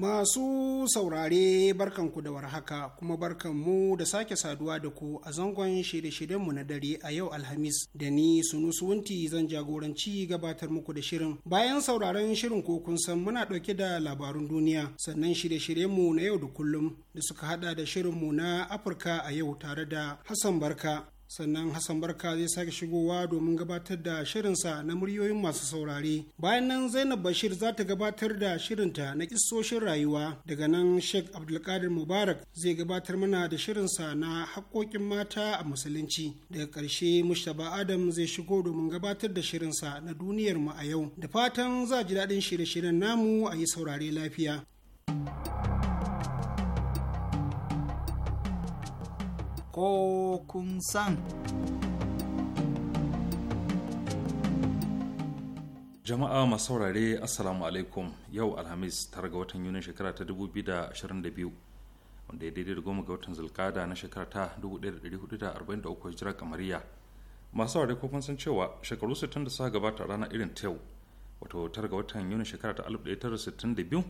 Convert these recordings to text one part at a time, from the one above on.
Masu saurare barkanku da warhaka kuma barkanmu da sake saduwa da ku a zangon shirye-shiryenmu na dare a yau Alhamis da ni Sunusu zan jagoranci gabatar muku da shirin. Bayan sauraron shirin ko kun san muna ɗauke da labarun duniya sannan shirye-shiryenmu na yau da kullum da suka hada da shirinmu na Afirka a yau tare da Hassan Barka sannan hassan barka zai sake shigowa domin gabatar da shirinsa na muryoyin masu saurare bayan nan zainab bashir za ta gabatar da shirinta na kissoshin rayuwa daga nan sheikh abdulkadir mubarak zai gabatar mana da shirinsa na haƙƙoƙin mata a musulunci daga ƙarshe mustapha adam zai shigo domin gabatar da shirinsa na duniyar mu a yau da fatan za ji daɗin shirye-shiryen namu a yi saurare lafiya ko kun san. Jama'a masu saurare Assalamu alaikum yau Alhamis tare ga watan Yunin shekara ta 2022 wanda ya daidai da goma ga watan zulkada na shekara ta 1443 hijira kamariya. Masu saurare ko kun san cewa shekaru 60 da suka gabata rana irin ta yau wato tare ga watan Yunin shekara ta 1962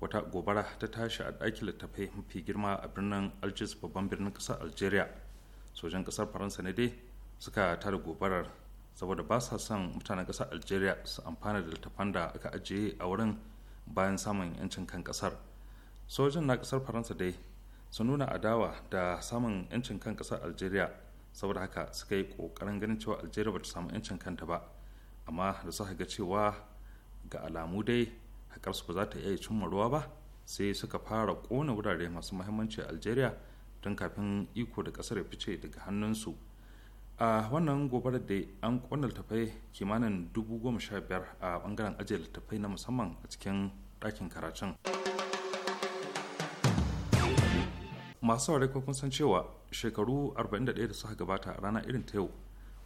wata gobara ta tashi a ɗakin littattafai mafi girma a birnin algiers babban birnin ƙasar algeria sojan ƙasar faransa ne dai suka tara gobarar saboda ba sa son mutanen ƙasar algeria su amfana da littattafan da aka ajiye a wurin bayan samun yancin kan ƙasar sojan na ƙasar faransa dai su nuna adawa da samun yancin kan ƙasar algeria saboda haka suka yi ƙoƙarin ganin cewa algeria ba ta samu yancin kanta ba amma da suka ga cewa ga alamu dai su ba za ta iya cimma ruwa ba sai suka fara kona wurare masu mahimmanci a algeria don kafin iko da kasar ya fice daga hannunsu a wannan gobarar da an kona littafai kimanin dubu goma biyar a bangaren ajiye littafai na musamman a cikin ɗakin karatun masu ware kun san cewa shekaru 41 da suka gabata a rana irin ta yau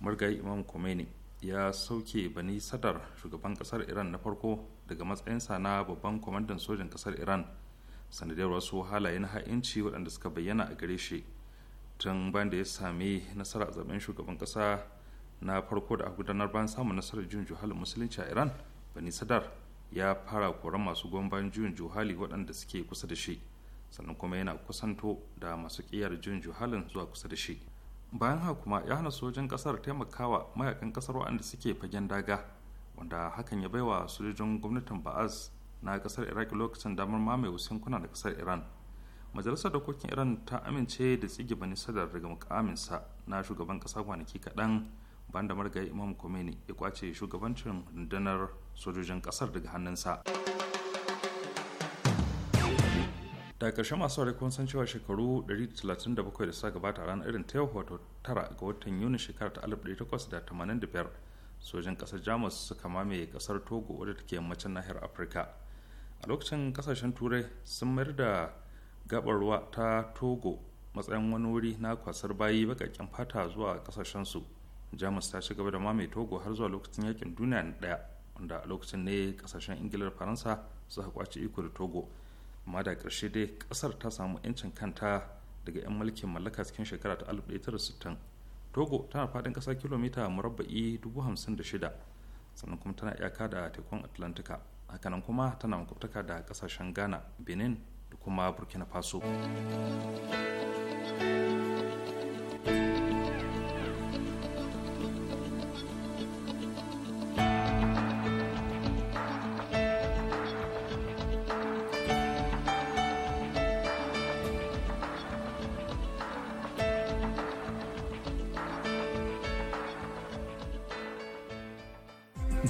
murgayi imam khomeini ya sauke bani sadar shugaban kasar iran na farko daga matsayinsa na babban kwamandan sojin kasar iran sanadiyar wasu halaye na ha'inci waɗanda suka bayyana a gare shi tun bayan da ya sami nasara a zaben shugaban kasa na farko da a gudanar bayan samun nasarar juyin juhalin musulunci a iran bani sadar ya fara koran masu goyon bayan juyin juhali waɗanda suke kusa da shi sannan kuma yana kusanto da masu ƙiyar juyin juhalin zuwa kusa da shi bayan haka kuma ya hana sojin kasar taimakawa mayakan kasar waɗanda suke fagen daga wanda hakan ya baiwa sojojin gwamnatin ba'az na kasar iraq lokacin damar mamaye wasu kuna da kasar iran majalisar dokokin iran ta amince da tsige bani sadar daga mukaminsa na shugaban kasa kwanaki kaɗan bayan da marigayi imam khomeini ya kwace shugabancin rundunar sojojin kasar daga hannunsa. da ƙarshe masu saurari kun san cewa shekaru 137 da suka gabata ranar irin ta yau tara ga watan yuni shekara ta 1885 sojin ƙasar jamus suka mamaye ƙasar togo wadda take yammacin nahiyar afirka a lokacin ƙasashen turai sun mayar da gabar ruwa ta togo matsayin wani wuri na kwasar bayi bakakken fata zuwa su jamus ta ci gaba da mamaye togo har zuwa lokacin yakin duniya na ɗaya wanda a lokacin ne ƙasashen ingila da faransa suka kwace iko da togo amma da ƙarshe dai ƙasar ta samu 'yancin kanta daga 'yan mulkin mallaka cikin shekara ta 1960 togo tana faɗin ƙasa kilomita murabba'i 56 sannan kuma tana iyaka da tekun atlantika hakanan kuma tana makwabtaka da ƙasashen ghana benin da kuma burkina faso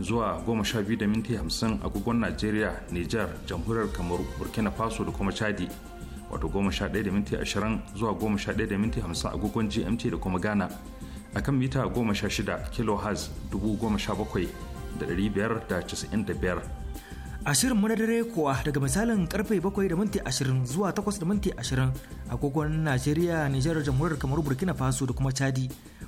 zuwa 12.50 agogon Najeriya, niger Jamhuriyar Kamar, Burkina Faso da kuma Chadi. Wato 11.20 zuwa 11.50 agogon GMT da kuma Ghana. A kan mita 16 kHz 17,595. Ashirin mu na dare kuwa daga misalin karfe 7 da minti 20 zuwa 8 da minti 20 agogon Najeriya, Nijar, Jamhuriyar Kamar, Burkina Faso da kuma Chadi.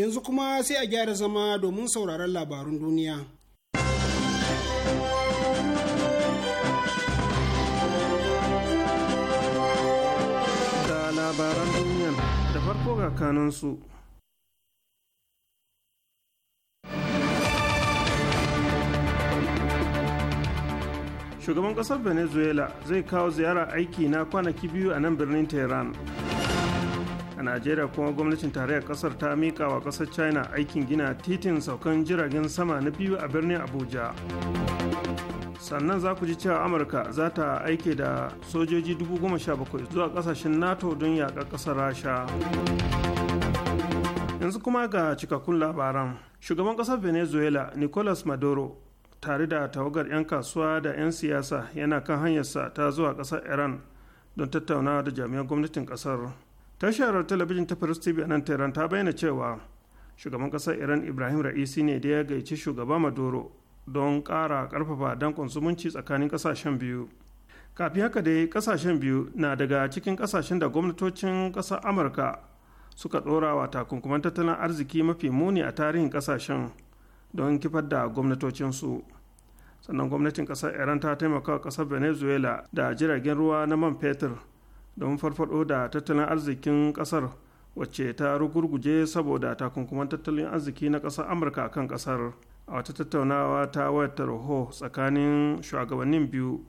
yanzu kuma sai a gyara zama domin sauraron labarun duniya. Da labaran duniya da farko ga kanansu. Shugaban ƙasar Venezuela zai kawo ziyara aiki na kwanaki biyu a nan birnin Tehran. a najeriya kuma gwamnatin tarayyar kasar ta mika wa kasar china aikin gina titin saukan jiragen sama na biyu a birnin abuja sannan za ku ji cewa amurka za ta aike da sojoji 17,000 zuwa kasashen nato don yaƙar ƙasar rasha yanzu kuma ga cikakkun labaran shugaban ƙasar venezuela nicolas maduro tare da tawagar 'yan kasuwa da 'yan siyasa yana kan hanyarsa ta zuwa ƙasar iran don tattaunawa da jami'an gwamnatin ƙasar tashar talabijin ta first tv nan tehran ta bayyana cewa shugaban ƙasar iran ibrahim ra'isi ne da ya gaici shugaba maduro don kara karfafa dankon zumunci tsakanin ƙasashen biyu kafin haka dai ƙasashen biyu na daga cikin ƙasashen da gwamnatocin ƙasar amurka suka ɗora wa takunkuman tattalin arziki mafi muni a tarihin ƙasashen don kifar da gwamnatocinsu sannan gwamnatin ƙasar iran ta taimaka wa ƙasar venezuela da jiragen ruwa na man fetur don farfado da tattalin arzikin kasar wacce ta rugurguje saboda takunkuman tattalin arziki na kasar amurka kan kasar a wata tattaunawa ta wayar tarho tsakanin shugabannin biyu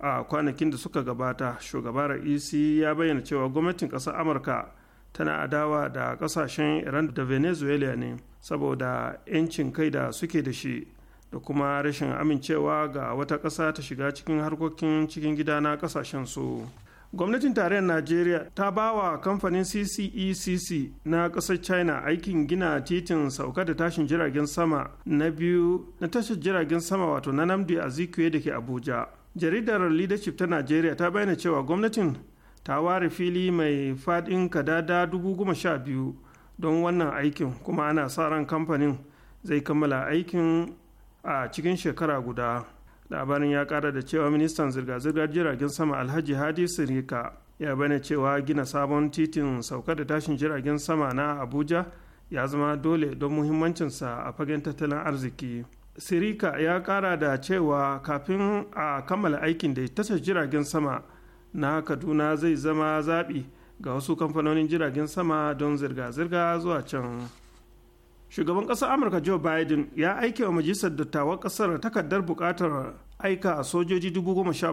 a kwanakin da suka gabata shugaba raisi ya bayyana cewa gwamnatin kasar amurka tana adawa da kasashen iran da venezuela ne saboda 'yancin kai da suke da shi da kuma rashin amincewa ga wata ƙasa ta shiga cikin harkokin cikin gida na ƙasashen su. gwamnatin tarayyar najeriya ta ba wa kamfanin ccecc e na ƙasar china aikin gina titin sauka da tashin jiragen sama na biyu na tashar jiragen sama wato na namdi a azikiwe da ke abuja jaridar leadership ta najeriya ta bayyana cewa gwamnatin ta ware fili mai faɗin kadada dubu goma sha biyu don wannan aikin kuma ana sa ran kamfanin zai kammala aikin a cikin shekara guda. labarin ya kara da cewa ministan zirga-zirgar jiragen sama alhaji hadi sirika ya bane cewa gina sabon titin sauka da tashin jiragen sama na abuja ya zama dole don muhimmancinsa a fagen tattalin arziki sirika ya kara da cewa kafin a kammala aikin da tashar jiragen sama na kaduna zai zama zaɓi ga wasu kamfanonin jiragen sama don zirga-zirga zuwa can. shugaban ƙasar amurka joe biden ya aike wa majalisar dattawan ƙasar takardar buƙatar aika sojoji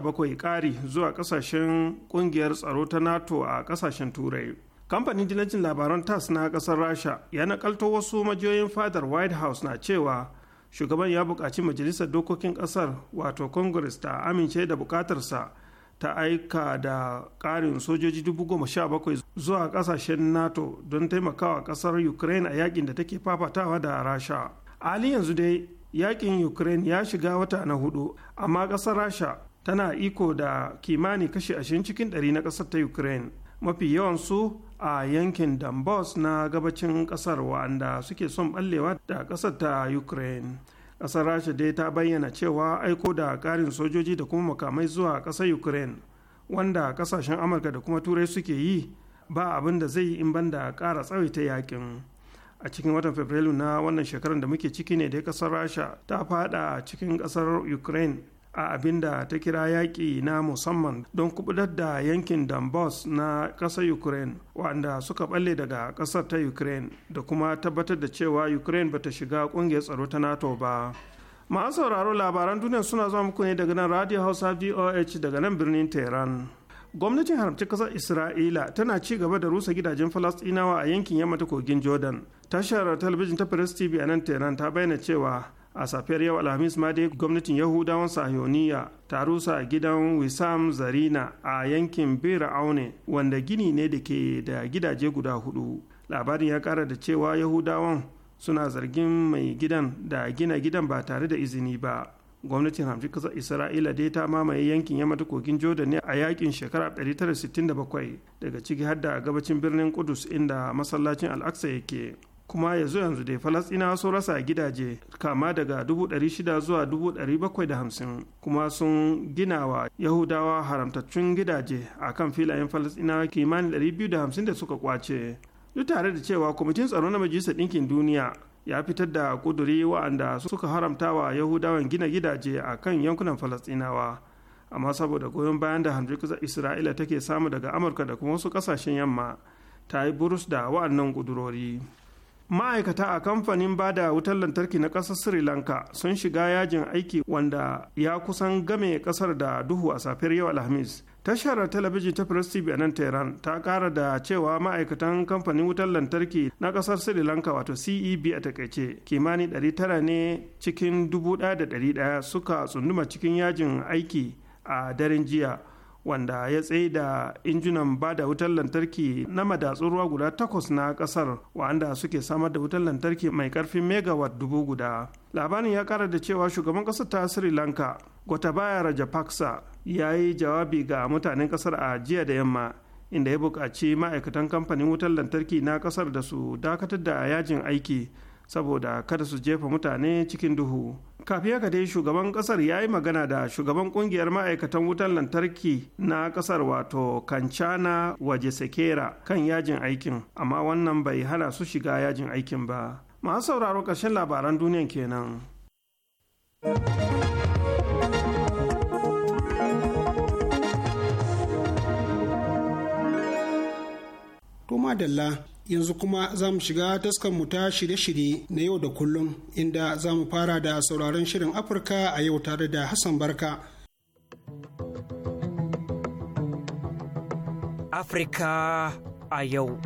bakwai ƙari zuwa ƙasashen ƙungiyar tsaro ta nato a ƙasashen turai kamfanin jinajin labaran tas na ƙasar rasha ya nakalto wasu majiyoyin fadar white house na cewa shugaban ya bukaci majalisar dokokin ƙasar wato congress ta amince da buƙatarsa ta aika da ƙarin sojoji 17,000 zuwa ƙasashen nato don taimakawa ƙasar ukraine a yakin da take fafatawa da rasha ali yanzu dai yakin ukraine ya shiga wata na hudu amma ƙasar rasha tana iko da kimani kashi ashirin cikin ɗari na ƙasar ta ukraine mafi yawansu a yankin donbass na gabacin ƙasar wa'anda suke son ɓallewa da ƙasar ta ukraine kasar rasha dai ta bayyana cewa aiko da karin sojoji da kuma makamai zuwa kasar ukraine wanda kasashen amurka da kuma turai suke yi ba abin da zai yi in banda ƙara tsawaita yakin a cikin watan fabrilu na wannan shekarar da muke ciki ne da kasar rasha ta fada cikin kasar ukraine a abin da ta kira yaƙi na musamman don kubutar da yankin Donbass na ƙasar Ukraine waɗanda suka balle daga ƙasar ta Ukraine da kuma tabbatar da cewa Ukraine bata shiga ƙungiyar tsaro ta NATO ba. Masu sauraro labaran duniya suna zuwa muku ne daga nan Radio Hausa VOH daga nan birnin Tehran. Gwamnatin haramci ƙasar Isra'ila tana ci gaba da rusa gidajen falastinawa a yankin yamma ta kogin Jordan. Tashar talabijin ta Press TV a nan Tehran ta bayyana cewa a safiyar yau alhamis ma dai gwamnatin yahudawan sahiyoniya ta rusa gidan wisam zarina a yankin bera aune wanda gini ne da ke da gidaje guda hudu labarin ya kara da cewa yahudawan suna zargin mai gidan da gina gidan ba tare da izini ba gwamnatin hamshi kasar isra'ila dai ta mamaye yankin yamata kogin jordan ne a yakin shekara 1967 daga ciki har da gabacin birnin kudus inda masallacin al'aksa yake kuma yanzu yanzu dai falasɗinawa sun rasa gidaje kama daga 600 zuwa 750 kuma sun gina wa yahudawa haramtaccun gidaje a kan filayen falasɗinawa kimanin 250 da suka kwace duk tare da cewa kwamitin tsaro na majalisar ɗinkin duniya ya fitar da ƙuduri wa'anda suka haramta wa yahudawan gina gidaje a kan yankunan falasɗinawa amma saboda goyon bayan da kusa isra'ila take samu daga amurka da kuma wasu kasashen yamma ta yi burus da wa'annan ƙudurori. ma'aikata a kamfanin bada wutar lantarki na ƙasar sri lanka sun shiga yajin aiki wanda ya kusan game ƙasar da duhu a safiyar yau alhamis tashar talabijin ta press tv a nan tehran ta kara da cewa ma'aikatan kamfanin wutar lantarki na kasar sri lanka wato ceb a takaice kimanin 900 ne cikin 1100 suka tsunduma cikin yajin aiki a daren jiya wanda ya tsaye da injunan ba da wutar lantarki na madatsun ruwa guda takwas na kasar wa'anda suke samar da wutar lantarki mai karfin megawatt dubu guda labarin ya kara da cewa shugaban kasar ta sri lanka gotabaya rajapaksa ya yi jawabi ga mutanen kasar a jiya da yamma inda ya buƙaci ma'aikatan kamfanin wutar lantarki na kasar da su dakatar da yajin aiki saboda kada su jefa mutane cikin duhu kafiya haka dai shugaban kasar ya yi magana da shugaban kungiyar ma'aikatan wutan lantarki na kasar wato kancana waje sekera kan yajin aikin amma wannan bai hana su shiga yajin aikin ba masu sauraro ƙarshen labaran duniyan kenan to madalla yanzu kuma za mu shiga taskanmu ta shirye-shirye na yau da kullum inda za mu fara da sauraron shirin afirka a yau tare da hassan barka afirka a yau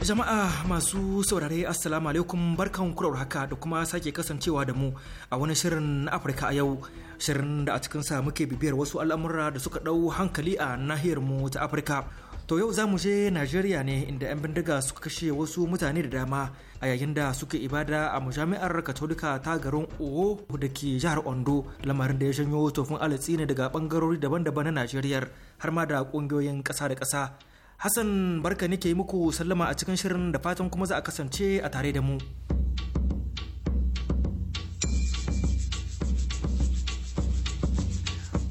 jama'a masu saurare assalamu alaikum barkan kurar haka da kuma sake kasancewa da mu a wani shirin afirka a yau shirin da a cikinsa muke bibiyar wasu al'amura da suka ɗau hankali a nahiyar mu ta afirka To yau za mu je Najeriya ne inda 'yan bindiga suka kashe wasu mutane da dama a yayin da suka ibada a majami'ar Katolika ta garin Owo da ke jihar Ondo lamarin da ya janyo tofin alatsi ne daga bangarori daban-daban na Najeriya har ma da kungiyoyin ƙasa da ƙasa. Hassan barka yi muku sallama a cikin shirin da fatan kuma za a kasance a tare da mu.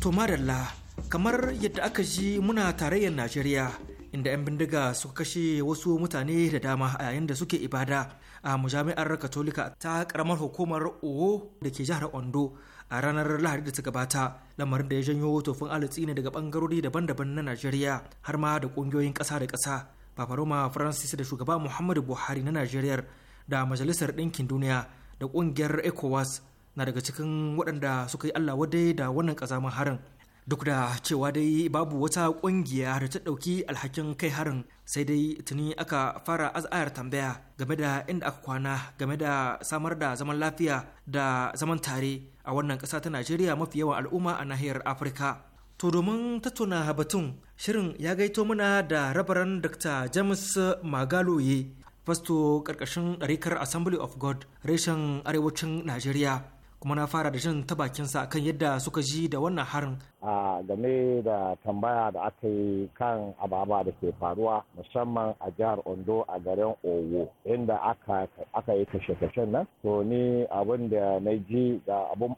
To madalla kamar yadda aka ji muna tarayyar najeriya inda 'yan bindiga suka kashe wasu mutane da dama a yayin da suke ibada a mujami'ar katolika ta karamar hukumar owo da ke jihar ondo a ranar lahadi da ta gabata lamarin da ya janyo tofin alatsi ne daga bangarori daban-daban na najeriya har ma da kungiyoyin kasa da kasa paparoma francis da shugaba muhammadu buhari na najeriya da majalisar ɗinkin duniya da ƙungiyar ecowas na daga cikin waɗanda suka yi allah wadai da wannan ƙazamin harin duk da cewa dai babu wata kungiya da ta ɗauki alhakin kai harin sai dai tuni aka fara az'ayar tambaya game da inda aka kwana game da samar da zaman lafiya da zaman tare a wannan ƙasa ta najeriya mafi yawan al'umma a nahiyar afirka to domin tattauna batun shirin ya gaito mana da rabaran dr james magaloye fasto ƙarƙashin ɗarikar assembly of god reshen arewacin najeriya kuma na fara da jin ta sa kan yadda suka ji da wannan harin. A game da tambaya da aka yi kan ababa da ke faruwa musamman a jihar Ondo a garin Owo inda aka yi kashe-kashen nan. To ni abin da na ji da abin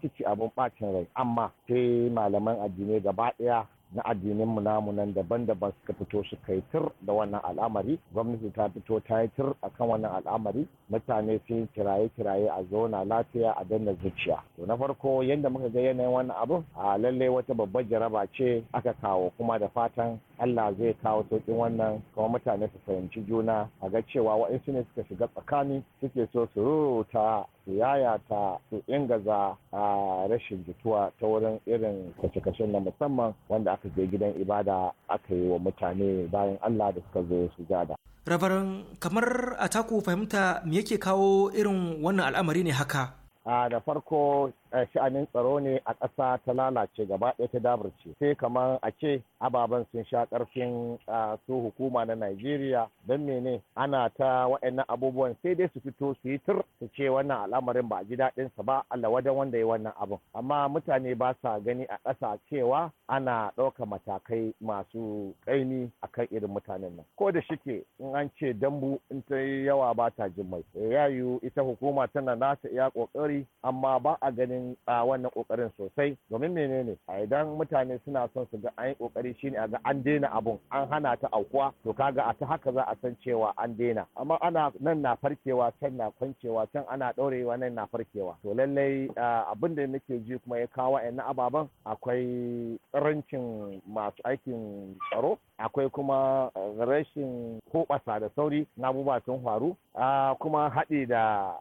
ciki abin bacin rai amma sai malaman addinai gaba ɗaya na mu namu nan daban-daban suka fito su tur tur da wannan al'amari gwamnati ta fito ta yi a kan wannan al'amari mutane sun kiraye-kiraye a zauna lafiya a danna zuciya to na farko yadda muka ga yanayin wannan abu a lalle wata babbar jaraba ce aka kawo kuma da fatan Allah zai kawo sauƙin wannan kuma mutane su fahimci juna a ga cewa waɗansu ne suka shiga tsakani suke so su rurruta su yayata su ingaza a rashin jituwa ta wurin irin kashe-kashe na musamman wanda aka je gidan ibada aka yi wa mutane bayan Allah da suka zo su jada. rabarin kamar a taku fahimta me yake kawo irin wannan al'amari ne haka? a da farko eh, sha'anin tsaro ne a ƙasa ta lalace gaba ɗaya ta dabarce sai kamar a ce ababen sun sha ƙarfin su hukuma na Najeriya don mene ana ta waɗannan abubuwan sai dai su fito su yi tur su ce wannan al'amarin ba a ji daɗin sa ba Allah wajen wanda ya wannan abun amma mutane ba sa gani a ƙasa cewa ana ɗauka matakai masu ƙaimi akan irin mutanen nan ko da shike in an ce dambu in ta yawa ba ta jin mai yiwu ita hukuma tana nata iya ƙoƙari kokari amma ba a ganin wannan kokarin sosai domin menene a idan mutane suna son su ga an kokari shine a ga an daina abun an hana ta aukuwa to kaga a ta haka za a san cewa an daina amma ana nan na farkewa can na kwancewa can ana daurewa nan na farkewa to lallai abin da nake ji kuma ya kawo na ababen akwai tsarancin masu aikin tsaro akwai kuma rashin kobasa da sauri na abubuwa sun faru kuma haɗi da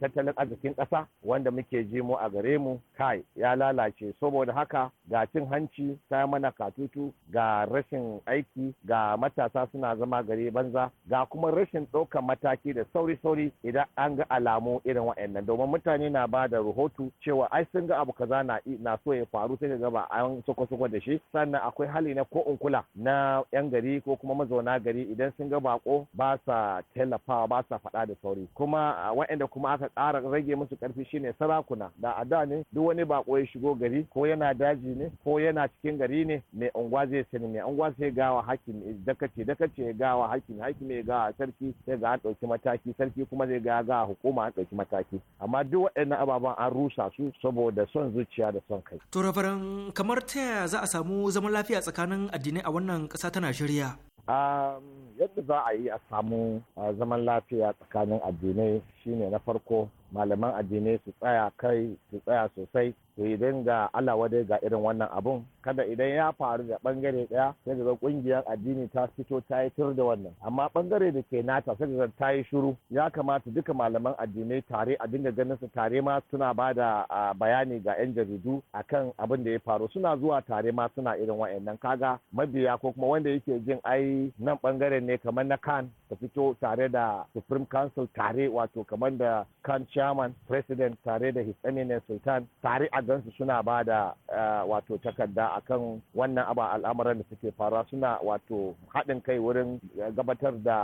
tattalin arzikin ƙasa wanda muke ji mu a gare mu kai ya lalace saboda haka ga cin hanci ta mana katutu ga rashin aiki ga matasa suna zama gare banza ga kuma rashin ɗaukar mataki da sauri-sauri idan an ga alamu irin waɗannan domin mutane na ba da rahoto cewa ai sun ga abu kaza na na so ya faru sai ga ba an soko-soko da shi sannan akwai hali na ko unkula na yan gari ko kuma mazauna gari idan sun ga bako ba sa tallafawa ba sa faɗa da sauri kuma waɗanda kuma aka ƙara rage musu ƙarfi nufi shine sarakuna da a da ne duk wani bako ya shigo gari ko yana daji ne ko yana cikin gari ne mai unguwa zai sani mai unguwa sai gawa hakim dakace dakace ya gawa hakim hakim ya gawa sarki sai ga an mataki sarki kuma zai ga ga hukuma an dauki mataki amma duk waɗannan ababen an rusa su saboda son zuciya da son kai. to rabaran kamar ta za a samu zaman lafiya tsakanin addinai a wannan ƙasa tana najeriya. Um, yadda za a yi a samu uh, zaman lafiya tsakanin addinai shine na farko malaman addinai su tsaya kai su tsaya sosai to yi dinga Allah wadai ga irin wannan abun kada idan ya faru da bangare daya sai ga kungiyar addini ta fito ta yi tur da wannan amma bangare da ke nata sai ga ta yi shiru ya kamata duka malaman addinai tare a dinga ganin su tare ma suna ba da bayani ga yan jaridu akan abin da ya faru suna zuwa tare ma suna irin wa'annan kaga mabiya ko kuma wanda yake jin ai nan bangare ne kamar na kan ta fito tare da supreme council tare wato kamar da kan chairman president tare da his eminence sultan tare a su suna ba da eh, wato takarda kan wannan aba al'amuran da suke faruwa suna wato haɗin kai wurin gabatar da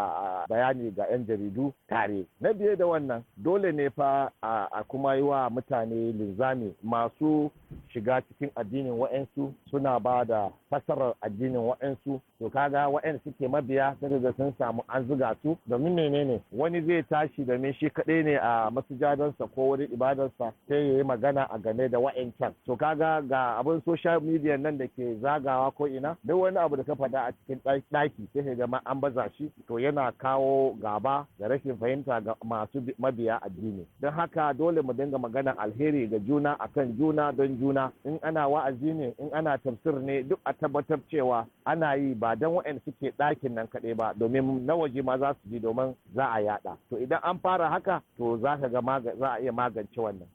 eh, bayani ga 'yan jaridu tare na biye da wannan dole ne fa eh, a kuma yi wa mutane linzami masu shiga cikin addinin wa'ansu suna ba da fasarar addinin wa'ansu to kaga wa'ansu suke mabiya sun riga sun samu an zuga su domin menene wani zai tashi me shi kaɗai ne a masujadansa ko wani ibadarsa sai ya yi magana a game da wa'ancan to kaga ga abin social media nan da ke zagawa ko ina duk wani abu da ka faɗa a cikin ɗaki sai ka ga an baza shi to yana kawo gaba da rashin fahimta ga masu mabiya addini don haka dole mu dinga magana alheri ga juna akan juna don juna in ana wa'azi ne in ana tafsir ne duk a tabbatar cewa ana yi ba don waɗanda suke ɗakin nan kaɗai ba domin na waje ma za su ji domin za a yaɗa to idan an fara haka to za ka ga za a iya magance wannan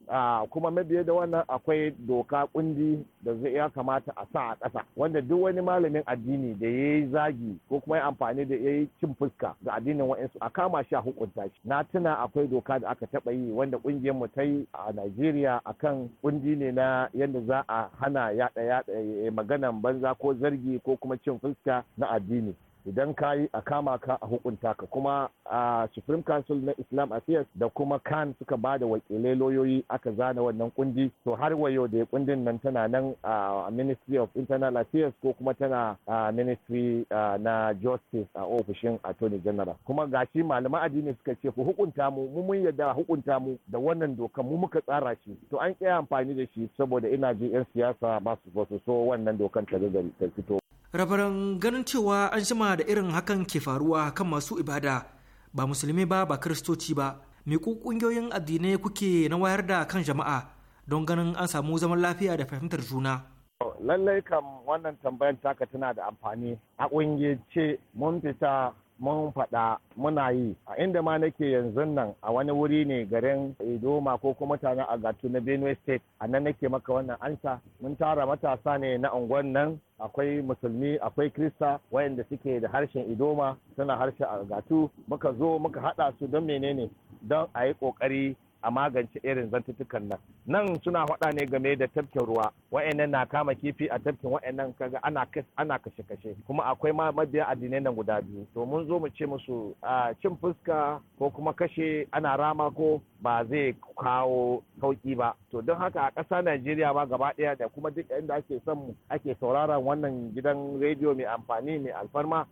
kuma mabiya da wannan akwai doka kundi da zai ya kamata a sa a ƙasa wanda duk wani malamin addini da ya yi zagi ko kuma ya amfani da ya yi cin fuska ga addinin waɗansu a kama shi a hukunta shi na tuna akwai doka da aka taɓa yi wanda ƙungiyar mu ta yi a Najeriya akan kundi ne na yadda za a hana yaɗa yaɗa eh, maganan banza ko zargi ko kuma cin fuska na addini idan ka yi a kama ka a hukunta ka kuma a supreme council na islam affairs da kuma kan suka ba da wakilai loyoyi aka zana wannan kundi to har wayo da kundin nan tana nan a ministry of internal affairs ko kuma tana a ministry na justice a ofishin attorney general kuma shi malaman addini suka ce ku hukunta mu mu mun yadda hukunta mu da wannan dokan mu muka tsara shi to an kiya amfani da shi saboda ina ji yan siyasa ba su so wannan dokan ta ta fito rabaran ganin cewa an jima da irin hakan ke faruwa kan masu ibada ba musulmi ba ba kiristoci ba me ku kungiyoyin addinai kuke na wayar da kan jama'a don ganin an samu zaman lafiya da fahimtar juna lallai kam wannan tambayan taka tana da amfani a ce mun fita mun faɗa muna yi a inda ma nake yanzu nan a wani wuri ne garin idoma ko kuma mutanen agatu na benue state a nan nake maka wannan ansa mun tara matasa ne na unguwan nan akwai musulmi akwai krista wayanda suke da harshen idoma suna harshen agatu muka zo muka haɗa su don menene don a yi ƙoƙari a magance irin zantutukan nan nan suna faɗa ne game da tafkin ruwa wa'annan na kama kifi a tafkin wa'annan kaga ana ana kashe kashe kuma akwai ma mabiya addinai nan guda biyu to mun zo mu ce musu cin fuska ko kuma kashe ana rama ko ba zai kawo sauki ba to don haka a ƙasa Najeriya ba gaba ɗaya da kuma duk inda ake son ake sauraron wannan gidan rediyo mai amfani mai alfarma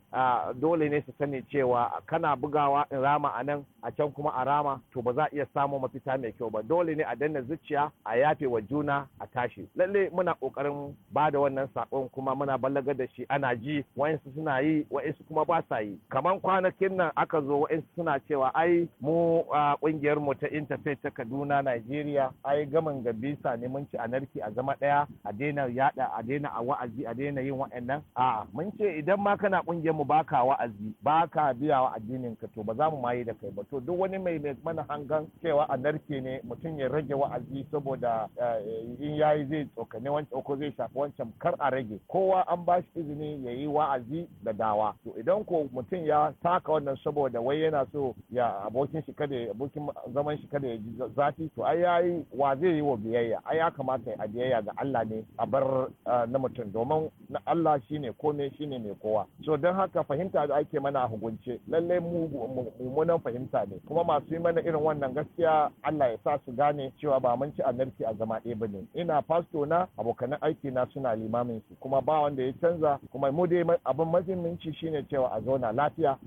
dole ne su sani cewa kana bugawa in rama a nan a can kuma a rama to ba za a iya samu mafita fita mai kyau ba dole ne a danna zuciya a yafe wa juna a tashi lalle muna kokarin ba da wannan sakon kuma muna ballagar da shi ana ji wa'insu suna yi wa'insu kuma ba sa yi kaman kwanakin nan aka zo wa'insu suna cewa ai mu kungiyar mu ta interfaith ta Kaduna Nigeria ai gaman gabisa ne mun ci anarki a zama daya a daina yada a daina a wa'azi a daina yin wa'annan a'a mun ce idan ma kana kungiyar mu baka wa'azi baka biya wa addinin ka to ba za mu ma yi da kai ba to duk wani mai mana hangan cewa anarki narke ne mutum ya rage wa'azi saboda eh, in yi zai tsokane ko zai shafi wancan kar a rage kowa an ba shi izini ya yi wa'azi da dawa to idan ko mutum ya taka wannan saboda wai yana so ya abokin shi kada abokin zaman shi kada ya ji zafi to ai yi wa zai yi wa biyayya ai ya kamata a biyayya ga Allah ne a bar eh, na mutum domin na Allah shine komai shine mai kowa so don haka fahimta da ake mana hukunce Lallai mu mummunan fahimta ne kuma masu yi mana irin wannan gaskiya Allah ya sa su gane cewa ba mun ci annabci a zama ɗaya bane ina fasto na abokan aiki na suna limamin su kuma ba wanda ya canza kuma mu dai abin mahimmanci shine cewa a zauna lafiya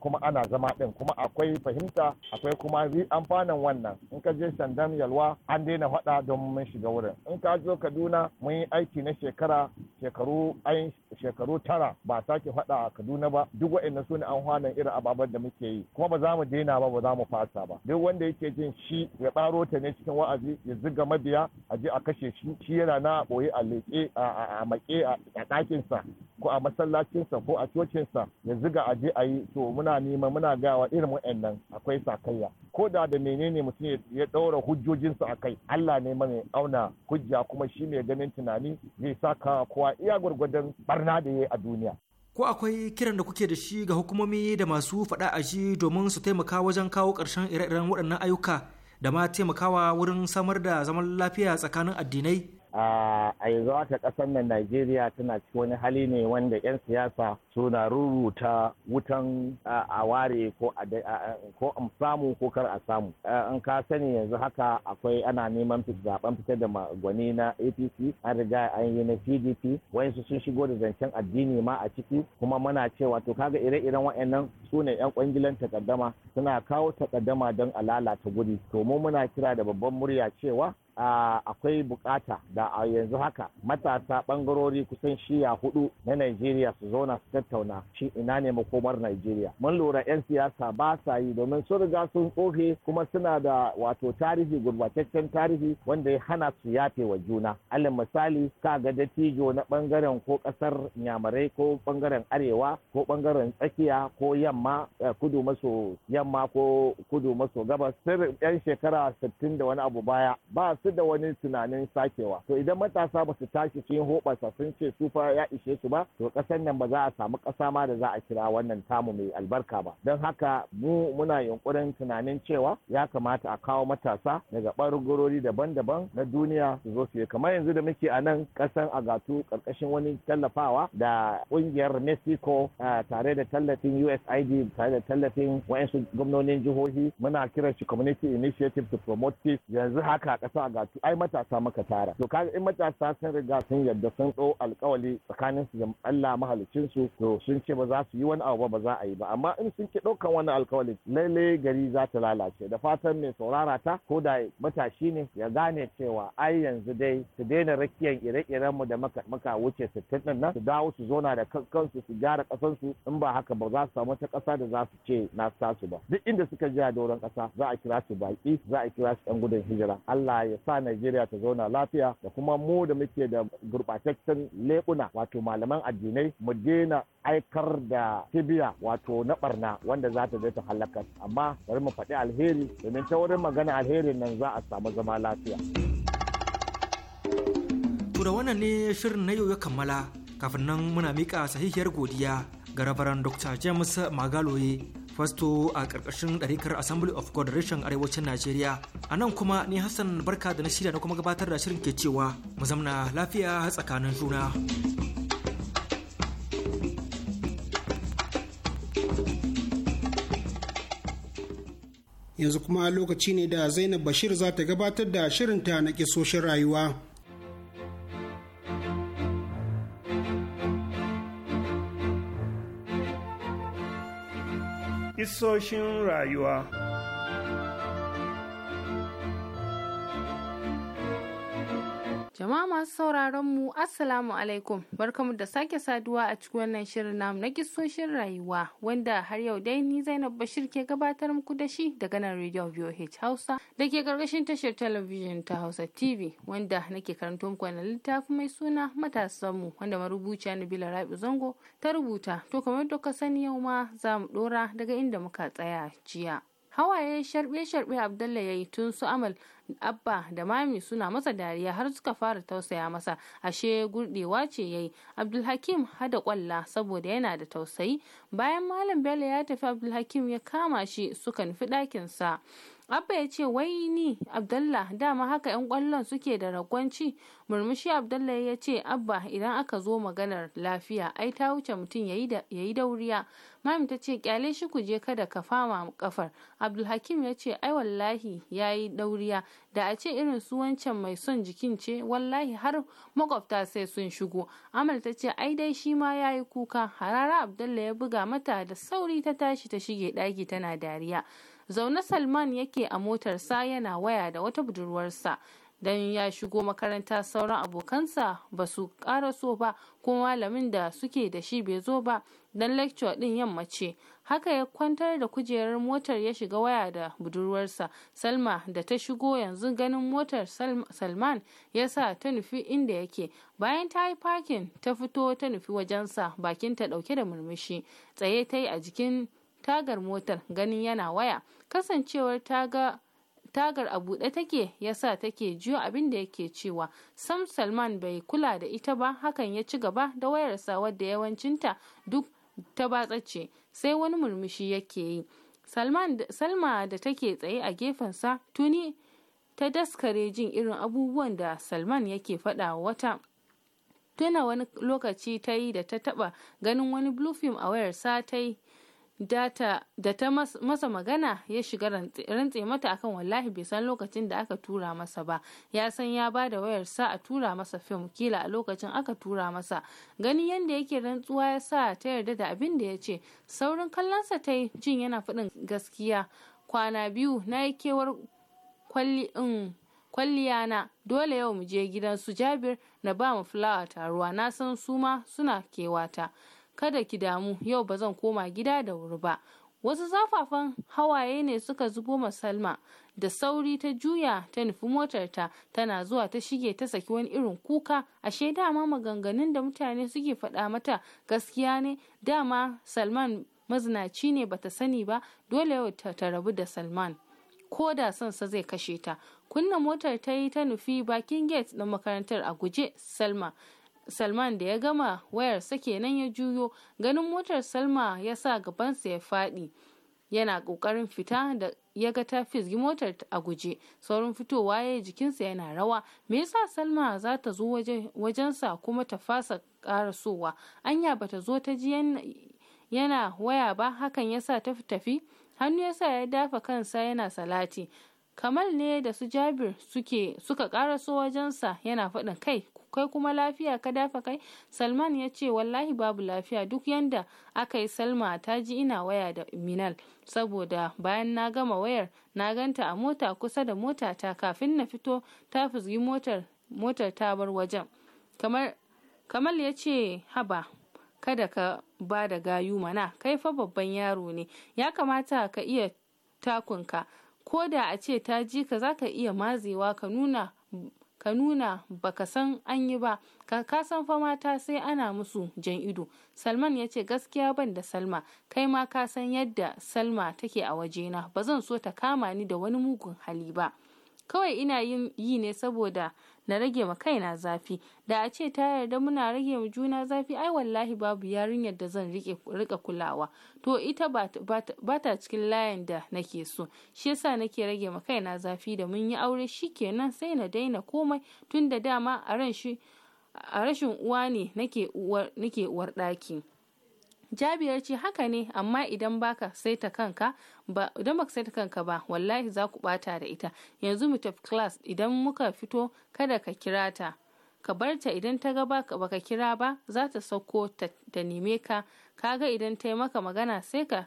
kuma ana zama ɗin kuma akwai fahimta akwai kuma ri amfanin wannan in ka je sandam yalwa an daina faɗa don mun shiga wurin in ka zo kaduna mun yi aiki na shekara shekaru ayin shekaru tara ba sake faɗa a kaduna ba duk wa'annan su ne an hwanan irin ababen da muke yi kuma ba za mu daina ba ba za mu fasa ba duk wanda yake jin shi ya ɓaro ta ne cikin wa'azi ya ziga mabiya a je a kashe shi shi yana na ɓoye a leƙe a maƙe a ɗakinsa ko a masallacinsa ko a cocinsa ya ziga a je a yi to muna neman muna gawa irin wa'annan akwai sakayya ko da da menene mutum ya ɗaura hujjojinsa a kai Allah ne mai auna hujja kuma shi mai ganin tunani zai saka kowa iya gwargwadon barna da ya a duniya. Ko akwai kiran da kuke da shi ga hukumomi da masu faɗa a shi domin su taimaka wajen kawo ƙarshen ire-iren waɗannan ayyuka da ma taimakawa wurin samar da zaman lafiya tsakanin addinai a yanzu haka nan Najeriya tana cikin wani hali ne wanda 'yan siyasa suna rubuta wutan a ware ko a samu ko kar a samu. An ka sani yanzu haka akwai ana neman zaben fitar da gwani na APC an riga an yi na PDP wayansu sun shigo da zancen addini ma a ciki kuma muna cewa to kaga ire-iren wa'annan su ne 'yan kwangilan takaddama suna kawo takaddama don a lalata guri. To mu muna kira da babban murya cewa akwai bukata da a yanzu haka matasa bangarori kusan shiya hudu na Najeriya su zauna su tattauna shi ina ne makomar Najeriya. Mun lura 'yan siyasa ba sa yi domin sun riga sun tsofe kuma suna da wato tarihi gurbataccen tarihi wanda ya hana su yafe wa juna. Alin misali ka ga dattijo na bangaren ko kasar nyamarai ko bangaren arewa ko bangaren tsakiya ko yamma eh, kudu maso yamma ko kudu maso gabas. Sir 'yan shekara 60 da wani abu baya ba su da wani tunanin sakewa to idan matasa ba su tashi su yi sun ce su fa ya ishe su ba to ƙasar nan ba za a samu ƙasa ma da za a kira wannan tamu mai albarka ba don haka mu muna yunkurin tunanin cewa ya kamata a kawo matasa daga ɓangarori daban-daban na duniya su zo su yi kamar yanzu da muke a nan ƙasar agatu ƙarƙashin wani tallafawa da ƙungiyar mexico tare da tallafin usaid tare da tallafin wa'ansu gwamnonin jihohi muna kiran shi community initiative to promote peace yanzu haka ƙasar ga ai matasa maka tara to kaga in matasa sun riga sun yarda sun tso alkawali tsakanin su da Allah mahalicin su to sun ce ba za su yi wani abu ba za a yi ba amma in sun ke ɗaukan wani alkawali lalle gari za ta lalace da fatan mai saurara ta ko da matashi ne ya gane cewa ai yanzu dai su daina rakiyan ire-iren mu da maka wuce sittin nan su dawo su zona da kansu su gyara su in ba haka ba za su samu ta kasa da za su ce na sasu ba duk inda suka je a doron kasa za a kira su baki za a kira su 'yan gudun hijira Allah ya sa Najeriya ta zauna lafiya da kuma mu da muke da gurɓataccen lekuna wato malaman addinai mu daina aikar da tibiya wato na barna wanda za ta zai ta halaka amma bari mu faɗi alheri domin ta wurin magana alherin nan za a samu zama lafiya. To da wannan ne shirin na yau ya kammala kafin nan muna miƙa sahihiyar godiya ga rabaran Dr. James Magaloye fasto a ƙarƙashin ɗarikar assembly of god reshen arewacin najeriya a nan kuma ni hassan barka da na shirya na kuma gabatar da shirin ke cewa mu zamna lafiya tsakanin juna yanzu kuma lokaci ne da zainab bashir za ta gabatar da shirinta na kisoshin rayuwa Kisoshin rayuwa Jama'a masu sauraron mu Assalamu alaikum barkamu da sake saduwa a cikin wannan shirin namu na gisoshin rayuwa wanda har yau dai ni Zainab Bashir ke gabatar muku da shi daga nan Radio VOH Hausa da ke karkashin tashar talabijin ta Hausa TV wanda nake karanto muku wannan littafi mai suna matasan mu wanda marubuciya Nabila Rabi Zango ta rubuta to kamar yadda ka sani yau ma za mu dora daga inda muka tsaya jiya. hawaye sharbe-sharbe abdulla ya yi tun su amal abba da mami suna masa dariya har suka fara tausaya masa ashe gurdewa ce ya yayi abdulhakim hada kwalla saboda yana da tausayi bayan malam bello ya tafi abdulhakim ya kama shi suka nufi ɗakinsa abba ya ce wai ni abdallah dama haka yan kwallon suke da ragwanci murmushi abdallah ya ce abba idan aka zo maganar lafiya ai ta wuce mutum ya yi dauriya mami ta ce kyale shi ku je kada ka fama kafar abdulhakim ya ce ai wallahi ya yi dauriya da a ce irin su wancan mai son jikin ce wallahi har makwabta sai sun shigo amal ta ce ai dai shi ma ya yi kuka harara abdallah ya buga mata da sauri ta tashi ta shige ɗaki tana dariya zaune salman yake a motarsa yana waya da wata budurwarsa don ya shigo makaranta sauran abokansa ba su so ba ko malamin da suke da shi bai zo ba don lecture din yamma ce haka ya kwantar da kujerar motar ya shiga waya da budurwarsa salma da ta shigo yanzu ganin motar salman ya sa ta nufi inda yake bayan ta yi parking ta fito ta nufi wajensa ta dauke da murmushi tsaye ta yi a jikin tagar motar ganin yana waya kasancewar taga tagar a buɗe take yasa take jiyo abin da yake cewa sam salman bai kula da ita ba hakan ya ci gaba da wayarsa wadda yawancinta duk ta batsace sai wani murmushi yake yi salma da take tsaye a gefensa tuni ta daskare jin irin abubuwan da salman yake faɗa wata tuna wani lokaci ta yi da ta taɓa ganin wani blue film a wayarsa ta yi data da ta masa magana ya shiga rantse mata akan wallahi bai san lokacin da aka tura masa ba ya san ya ba da wayar sa a tura masa fim kila a lokacin aka tura masa gani yadda yake rantsuwa ya sa ta yarda da abin da ya ce saurin kallonsa ta yi jin yana faɗin gaskiya kwana biyu na yi kewar um, kwalliyana dole yau mu je gidan su jabir na ba mu fulawa taruwa na san su ma suna kewata kada ki damu yau ba zan koma gida da wuri ba wasu zafafan hawaye ne suka zubo ma salma da sauri ta juya ta nufi motarta tana zuwa ta shige ta saki wani irin kuka ashe dama maganganun da mutane suke faɗa mata gaskiya ne dama salman mazinaci ne bata sani ba dole yau ta rabu da salman ko da sonsa zai kashe ta kunna motar ta yi ta nufi bakin gate na makarantar a guje salma Salman da ya gama wayarsa kenan ya juyo ganin motar Salma ya sa gabansa ya faɗi. Yana ƙoƙarin fita da ya ga ta fizgi motar a guje saurin fitowa ya jikinsa yana rawa me yasa salma za ta zo wajensa kuma ta fasa karasowa anya ba ta zo ta ji yana waya ba hakan yasa ta tafi hannu yasa ya dafa kansa yana salati kamal ne da su jabir suke suka karaso wajensa yana faɗin kai kai kuma lafiya ka dafa kai salman ya ce wallahi babu lafiya duk yanda aka yi salma ta ji ina waya da minal saboda bayan na gama wayar na ganta a mota kusa da mota ta kafin na fito ta fuzgi motar motar ta bar wajen kamar kamal ya ce haba kada ka ba da gayu mana kai fa babban yaro ne ya kamata ka iya takunka ko da a ce ta ji ka za ka iya mazewa ka nuna ka nuna baka san an yi ba ka kasan fa mata sai ana musu jan ido salman ya ce gaskiya ban da salma kai ma ka san yadda salma take a waje na ba zan so ta kama ni da wani mugun hali ba kawai ina yi ne saboda na rage ma kaina zafi da a ce ta yarda muna rage ma juna zafi ai wallahi babu yarinyar da zan rika kulawa to ita ba ta cikin layin da nake so shi yasa nake rage ma kaina zafi da mun yi aure shi shikenan sai na daina komai tun da dama a ran shi a rashin uwa ne nake uwar ɗaki jabiyar ce haka ne amma idan baka saita kanka ba idan baka saita kanka ba wallahi za ku bata da ita yanzu mu tafi class idan muka fito kada ka kira ta ka bar ta idan ta ga baka kira ba za ta sauko ta neme ka ga idan ta yi maka magana sai ka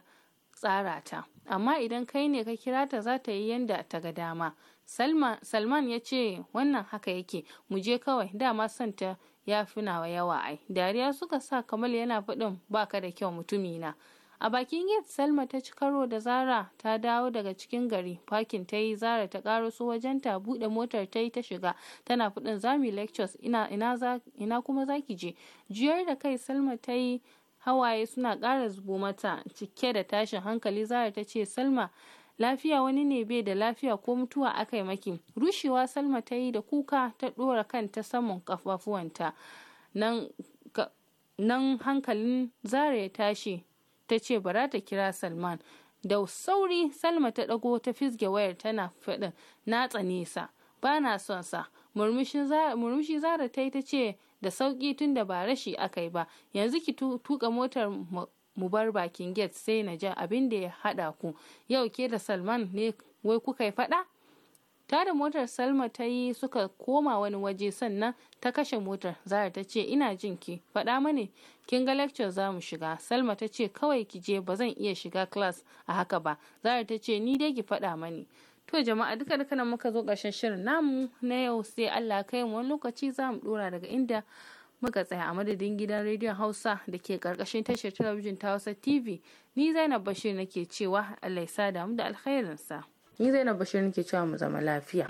tsara ta amma idan kai ne ka kira ta za ta yi yanda ta ga dama salman ya ce wannan haka yake mu je kawai dama son ta ya fi nawa yawa ai dariya suka sa kamal yana faɗin baka da kyau mutumina a bakin gate salma ta ci karo da zara ta dawo daga cikin gari fakin ta yi zara ta su wajen ta buɗe motar ta yi ta shiga tana faɗin zami lectures ina, ina, za, ina kuma zaki je juyar da kai salma ta yi hawaye suna ƙara zubo mata cike da tashin hankali zara ta ce salma lafiya wani ne bai da lafiya ko mutuwa aka maki rushewa salma ta yi da kuka ta ɗora kanta saman kafafuwanta nan nan hankalin zara ya tashi ta ce bara ta kira salman da sauri salma ta dago ta fisge wayar tana faɗin na tsane ba na son sa murmushi zara ta yi ta ce da sauƙi tun da ba rashi aka yi ba yanzu ki tuka motar mu bar bakin gate sai na ja abin da ya hada ku yau ke da salman ne wai kuka yi fada? ta da motar salma ta yi suka koma wani waje sannan ta kashe motar zara ta ce ina jin ki fada mani kin ga lecture za mu shiga salma ta ce kawai ki je ba zan iya shiga class a haka ba zara ta ce ni dai ki fada mani To jama'a duka duka nan muka zo ƙarshen shirin namu na yau sai Allah kai mu wani lokaci za mu ɗora daga inda muka tsaya a madadin gidan rediyon hausa da ke karkashin tashar talabijin ta hausa tv ni zainab bashir nake cewa allah ya sa damu da alkhairinsa ni zainab bashir nake cewa mu zama lafiya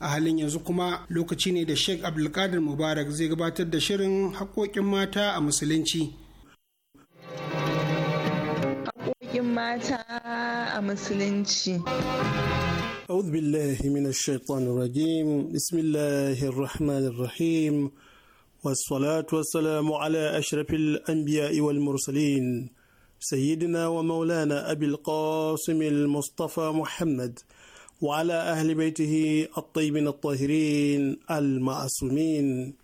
a halin yanzu kuma lokaci ne da sheikh abdulkadir mubarak zai gabatar da shirin haƙoƙin mata a musulunci haƙƙin mata a musulunci. أعوذ بالله من الشيطان الرجيم بسم الله الرحمن الرحيم والصلاة والسلام على أشرف الأنبياء والمرسلين سيدنا ومولانا أبي القاسم المصطفى محمد وعلى أهل بيته الطيبين الطاهرين المعصومين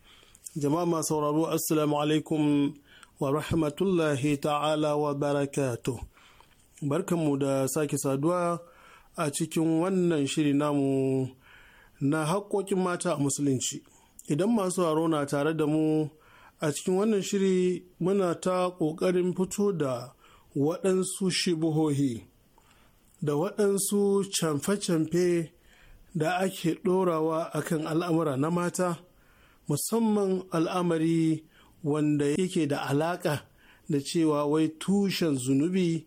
جماعة سورة السلام عليكم ورحمة الله تعالى وبركاته barkanmu da sake saduwa a cikin wannan shiri namu na haƙoƙin mata a musulunci idan masu haro na tare da mu a cikin wannan shiri muna ta ƙoƙarin fito da waɗansu shibuhohi da waɗansu camfe-camfe da ake ɗorawa a kan al'amura na mata musamman al'amari wanda yake da alaƙa da cewa wai tushen zunubi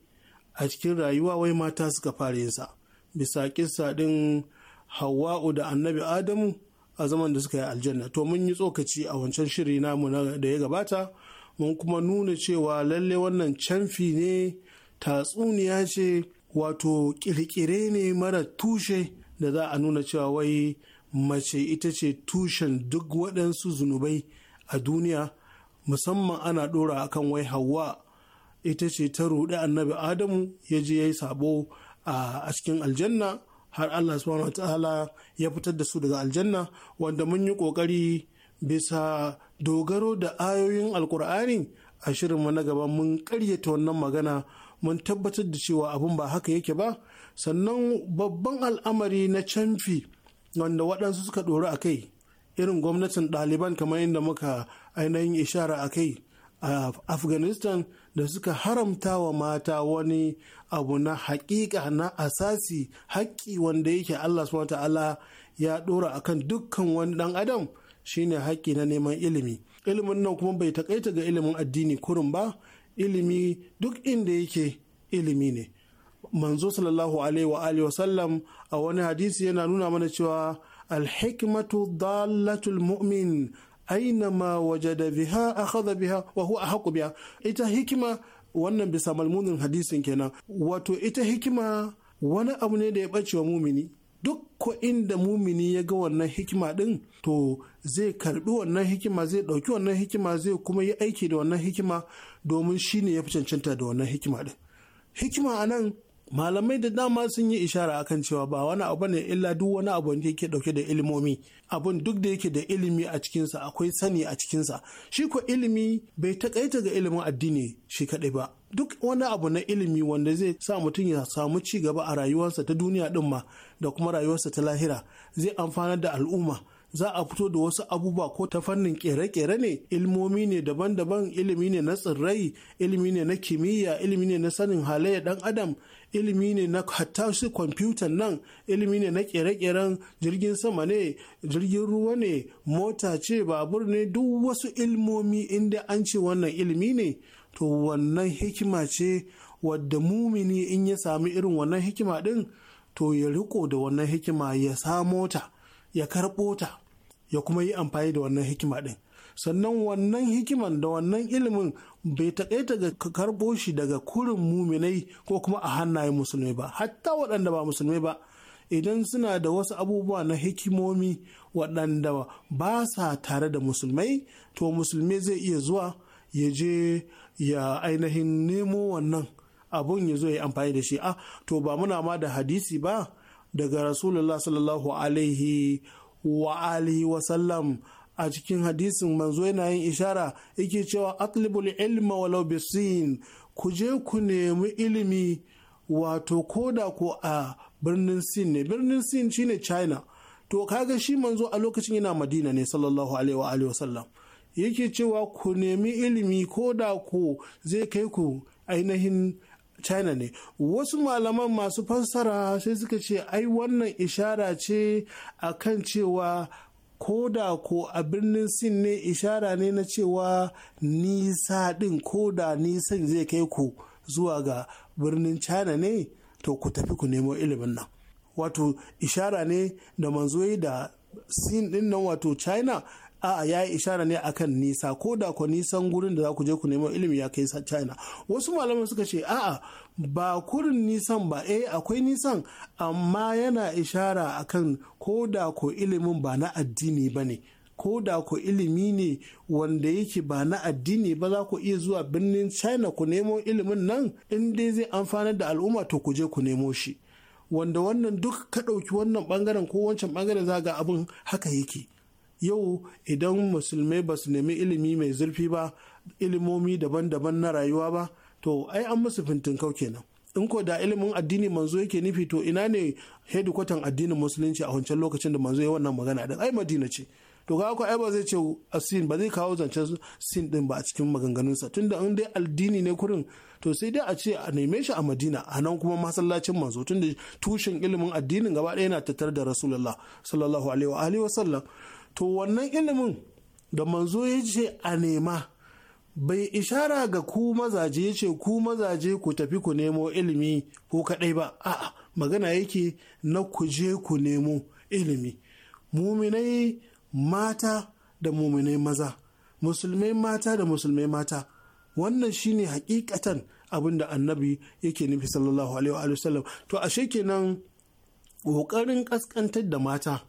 a cikin rayuwa wai mata suka fara yinsa bisa kissa din hawa'u da annabi adamu a zaman da suka yi aljanna to mun yi tsokaci a wancan shiri namu da ya gabata mun kuma nuna cewa lalle wannan canfi ne tatsuniya ce wato kirkire ne mara tushe da za a nuna cewa wai mace ita ce tushen duk waɗansu zunubai a duniya musamman ana ɗora akan wai hawa ita ce ta ruɗe annabi adamu ya je ya yi sabo a cikin aljanna har allah subhanahu wa ta'ala ya fitar da su daga aljanna wanda mun yi ƙoƙari bisa dogaro da ayoyin alkur'ani a shirin na gaba mun karyata wannan magana mun tabbatar da cewa abun ba haka yake ba sannan babban al'amari na canfi wanda waɗansu suka ɗori a kai irin gwamnatin ɗaliban kamar yadda muka ainihin ishara a kai a afghanistan da suka haramta wa mata wani abu na hakika na asasi haƙƙi wanda yake Allah subhanahu ta'ala ya ɗora akan dukkan wani ɗan adam shine haƙƙi na neman ilimi ilimin nan kuma bai takaita ga ilimin addini kurin ba ilimi duk inda yake ilimi ne manzo sallallahu alaihi wa alihi wa sallam a wani hadisi yana nuna mana cewa alhikmatu dalatul mu'min aina ma wajada biha akhadha biha wa huwa ahqqu biha ita hikima wannan bisa malmunin hadisin kenan wato ita hikima wani abu ne da ya ɓace wa mumini duk ko inda mumini ya ga wannan hikima din, to zai karbi wannan hikima zai ɗauki wannan hikima zai kuma yi aiki da wannan hikima domin shi ne ya fi cancanta da wannan hikima din. hikima anan. malamai da dama sun yi ishara akan cewa ba wani abu ne illa duk wani abu da yake dauke da ilimomi abun duk da yake da ilimi a cikinsa akwai sani a cikinsa shi ko ilimi bai takaita ga ilimin addini shi kadai ba duk wani abu na ilimi wanda zai sa mutum ya samu ci gaba a rayuwarsa ta duniya din ma da kuma rayuwarsa ta lahira zai amfanar da al'umma za a fito da wasu abubuwa ko ta fannin kere-kere ne ilmomi ne daban-daban ilimi ne na tsirrai ilimi ne na kimiyya ilimi ne na sanin halayyar dan adam ilimi ne na hatta su kwamfutan nan ilimi ne na kere-keren jirgin sama ne jirgin ruwa ne mota ce babur ne duk wasu ilmomi inda an ce wannan ilimi ne to wannan hikima ce wadda mumini in ya sami irin wannan hikima din to ya riko da wannan hikima ya samo ta ya karɓo ta ya kuma yi amfani da wannan hikima din sannan wannan hikiman da wannan ilimin bai taƙaita ga karbo shi daga kurin muminai ko kuma a hannayen musulmai ba hatta waɗanda ba musulmai ba idan suna da wasu abubuwa na hikimomi waɗanda ba sa tare da musulmai to musulmi zai iya zuwa ya je ya ainihin nemo wannan abun ya zo ya amfani da shi a ah, to ba muna ma da hadisi ba daga rasulullah sallallahu alaihi wa alihi wasallam a cikin hadisin manzo yana yin ishara yake cewa atlibul ilma walau bisin ku je ku nemi ilimi wato koda ko a birnin sin ne birnin sin shine china to kaga shi manzo a lokacin yana madina ne sallallahu alaihi wa alihi wasallam yake cewa ku nemi ilimi koda ko zai kai ku ainihin china ne wasu malaman masu fassara sai suka ce ai wannan ishara ce akan cewa ko da ko a birnin sin ne ishara ne na cewa nisa ɗin ko da nisan zai kai ku zuwa ga birnin china ne to ku tafi ku nemo ilimin nan wato ishara ne da manzo da sin din nan wato china a ya yi ishara ne akan nisa ko da ku nisan gurin da za ku je ku nemo ilimi ya kai china wasu malaman suka ce a'a ba kurin nisan ba eh akwai nisan amma yana ishara akan ko da ko ilimin ba na addini ba ne ko da ku ilimi ne wanda yake ba na addini ba za ku iya zuwa birnin china ku nemo ilimin nan in dai zai amfanar da al'umma to ku je ku nemo shi wanda wannan duk ka ɗauki wannan bangaren ko wancan ɓangaren za ga abin haka yake yau idan musulmai ba su nemi ilimi mai zurfi ba ilimomi daban-daban na rayuwa ba to ai an musu fintinkau kenan in ko da ilimin addini manzo yake nufi to ina ne hedikwatan addinin musulunci a wancan lokacin da manzo ya wannan magana din ai madina ce to ga ko ai ba zai ce asin ba zai kawo zancen sin din ba a cikin maganganunsa tunda in dai addini ne kurin to sai dai a ce a neme shi a madina a nan kuma masallacin manzo tunda tushen ilimin addinin gaba ɗaya yana tattare da rasulullah sallallahu alaihi wa alihi to wannan ilimin da manzo ya ce a nema bai ishara ga ku mazaje ce ku mazaje ku tafi ku nemo ilimi ko kaɗai ba a'a magana yake na ku je ku nemo ilimi muminai mata da muminai maza musulmai mata da musulmai mata wannan shine hakikatan abin da annabi yake nufi sallallahu alaihi wa sallam to ashe kenan ƙoƙarin ƙasƙantar da mata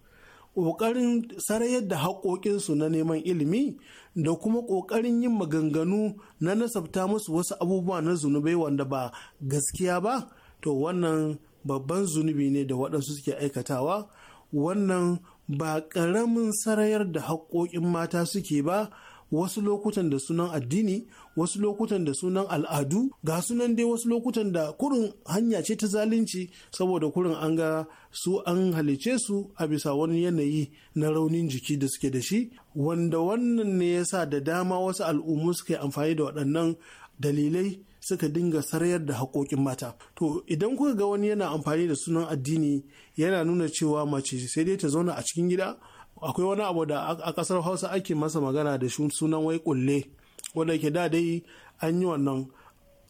ƙoƙarin sarayar da haƙoƙinsu na neman ilimi da kuma ƙoƙarin yin maganganu na nasabta musu wasu abubuwa na zunubai wanda ba gaskiya ba to wannan babban zunubi ne da waɗansu suke aikatawa wannan ba ƙaramin sarayar da haƙoƙin mata suke ba wasu lokutan da sunan addini wasu lokutan da sunan al'adu ga sunan dai wasu lokutan da kurin hanya ce ta zalunci saboda kurin an ga su an halice su a bisa wani yanayi na raunin jiki da suke da shi wanda wannan ne ya sa da dama wasu al'ummu suke amfani da waɗannan dalilai suka dinga sarayar da haƙoƙin mata to idan kuka ga wani yana amfani da sunan addini yana nuna cewa mace sai dai ta zauna a cikin gida akwai wani abu da a kasar hausa ake masa magana da sunan wai kulle wanda ke da dai an yi wannan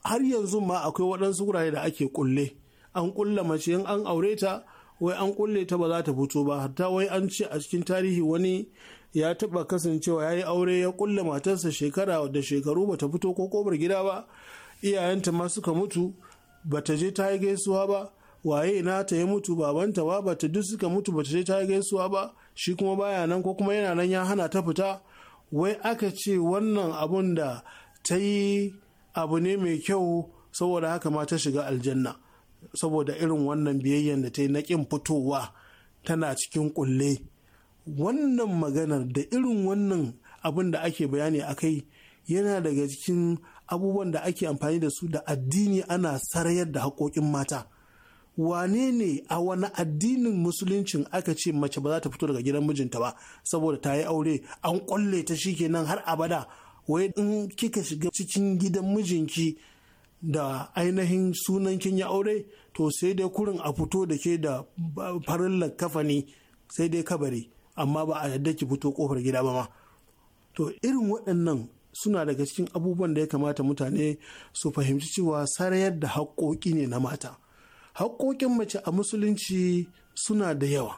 har yanzu ma akwai waɗansu wurare da ake kulle an kulle mace in an aure ta wai an kulle ta ba za ta fito ba hatta wai an ce a cikin tarihi wani ya taba kasancewa ya yi aure ya kulle matarsa shekara da shekaru ba ta fito ko kobar gida ba iyayenta ma suka mutu ba ta je ta yi gaisuwa ba waye na ta yi mutu babanta ba ba ta duk suka mutu ba ta je ta yi gaisuwa ba shi kuma baya nan ko kuma yana nan ya hana ta fita wai aka ce wannan abun da ta yi abu ne mai kyau saboda haka ma ta shiga aljanna saboda irin wannan biyayyen da ta yi na ƙin fitowa tana cikin ƙulle. wannan maganar da irin wannan abun da ake bayani a kai yana daga cikin abubuwan da ake amfani da su da addini ana sarayar da haƙoƙin mata wane ne a wani addinin musuluncin aka ce mace ba za ta fito daga gidan mijinta ba saboda ta yi aure an kwalle ta shi kenan har abada wai in kika shiga cikin gidan mijinki da ainihin sunan kin yi aure to sai dai kurin a fito da ke da farillar kafani sai dai kabari amma ba a yadda ki fito kofar gida ba ma to irin waɗannan suna daga cikin abubuwan da ya kamata mutane su fahimci cewa sarayar da haƙoƙi ne na mata haƙoƙin mace a musulunci suna da yawa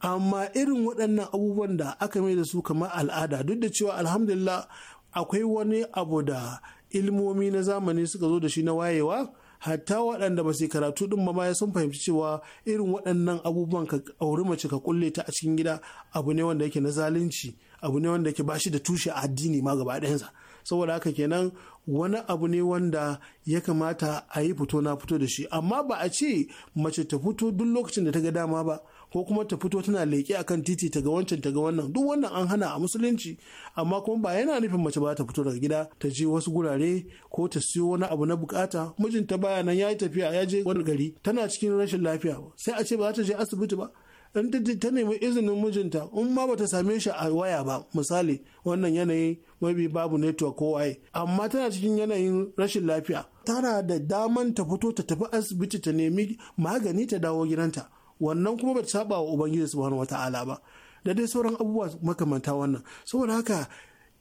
amma irin waɗannan abubuwan da aka mai da su kamar al'ada duk da cewa alhamdulillah akwai wani abu da ilmomi na zamani suka zo da shi na wayewa hatta waɗanda ba su karatu ɗin ba ma sun fahimci cewa irin waɗannan abubuwan ka auri mace ka kulle ta a cikin gida abu ne wanda yake na zalunci abu ne wanda yake bashi da tushe a addini ma gaba ɗayansa saboda haka kenan wani abu ne wanda ya kamata a yi fito na fito da shi amma ba a ce mace ta fito duk lokacin da ta ga dama ba ko kuma ta fito tana leƙe akan titi ta ga wancan ta ga wannan duk wannan an hana a musulunci amma kuma ba yana nufin mace ba ta fito daga gida ta je wasu gurare ko ta siyo wani abu na bukata mijinta baya nan ya yi tafiya ya je wani gari tana cikin rashin lafiya sai a ce ba za ta je asibiti ba in ta nemi izinin mijinta in ma bata same shi a waya ba misali wannan yanayi mabi babu network ko waye amma tana cikin yanayin rashin lafiya tana da daman ta fito ta tafi asibiti ta nemi magani ta dawo gidanta wannan kuma bata saba wa ubangiji subhanahu wataala ba da dai sauran abubuwa makamanta wannan saboda haka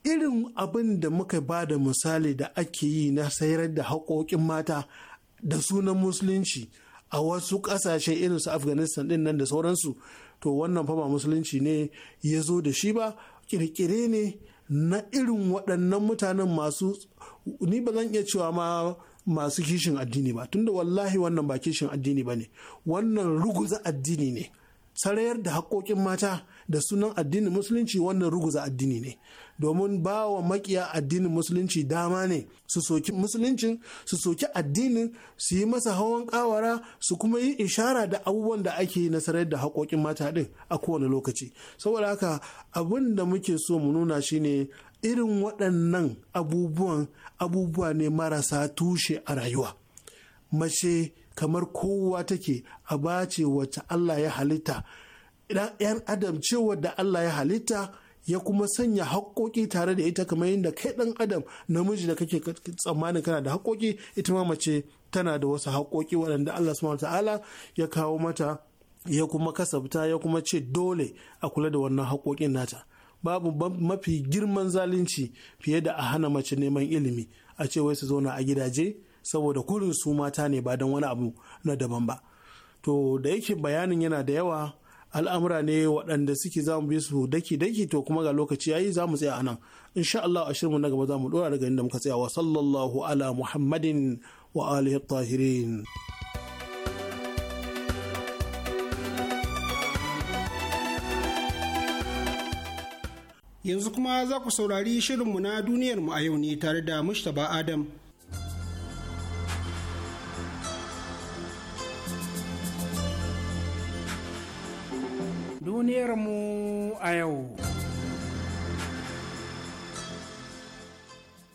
irin abin da muka ba da misali da ake yi na sayar da haƙoƙin mata da sunan musulunci a wasu ƙasashe irin su afghanistan din nan da sauransu to wannan fa ba musulunci ne ya zo da shi ba kirkire ne na irin waɗannan mutanen masu ni ba zan iya cewa ma masu kishin addini ba tunda wallahi wannan ba kishin addini ba ne wannan ruguza addini ne sarayar da haƙoƙin mata da sunan addinin musulunci wannan ruguza addini ne domin ba wa makiya addinin musulunci dama ne su soki musuluncin su soki addinin su yi masa hawan kawara su kuma yi ishara da abubuwan da ake nasarar da haƙoƙin mata din a kowane lokaci saboda haka abin da muke so mu nuna shine irin waɗannan abubuwan abubuwa ne marasa tushe a rayuwa mace kamar kowa take a bace wacce Allah ya halitta 'yan adam cewa da Allah ya halitta ya kuma sanya haƙoƙi tare da ita kamar yadda kai ɗan adam namiji da kake tsammanin kana da haƙoƙi ita ma mace tana da wasu haƙoƙi waɗanda Allah subhanahu ta'ala ya kawo mata ya kuma kasabta ya kuma ce dole a kula da wannan haƙoƙin nata babu mafi girman zalunci fiye da a hana mace neman ilimi a ce wai su zauna a gidaje saboda kurin su mata ne ba don wani abu na daban ba to da yake bayanin yana da yawa al'amura ne waɗanda suke za mu bi su daki-daki to kuma ga lokaci yayi za mu tsaya anan insha Allah a shirinmu na gaba za mu dora daga inda muka tsaya wa sallallahu ala muhammadin wa alihi tahirin yanzu kuma za ku saurari shirinmu na duniyarmu a yau ne tare da mushtaba adam duniyarmu a yau.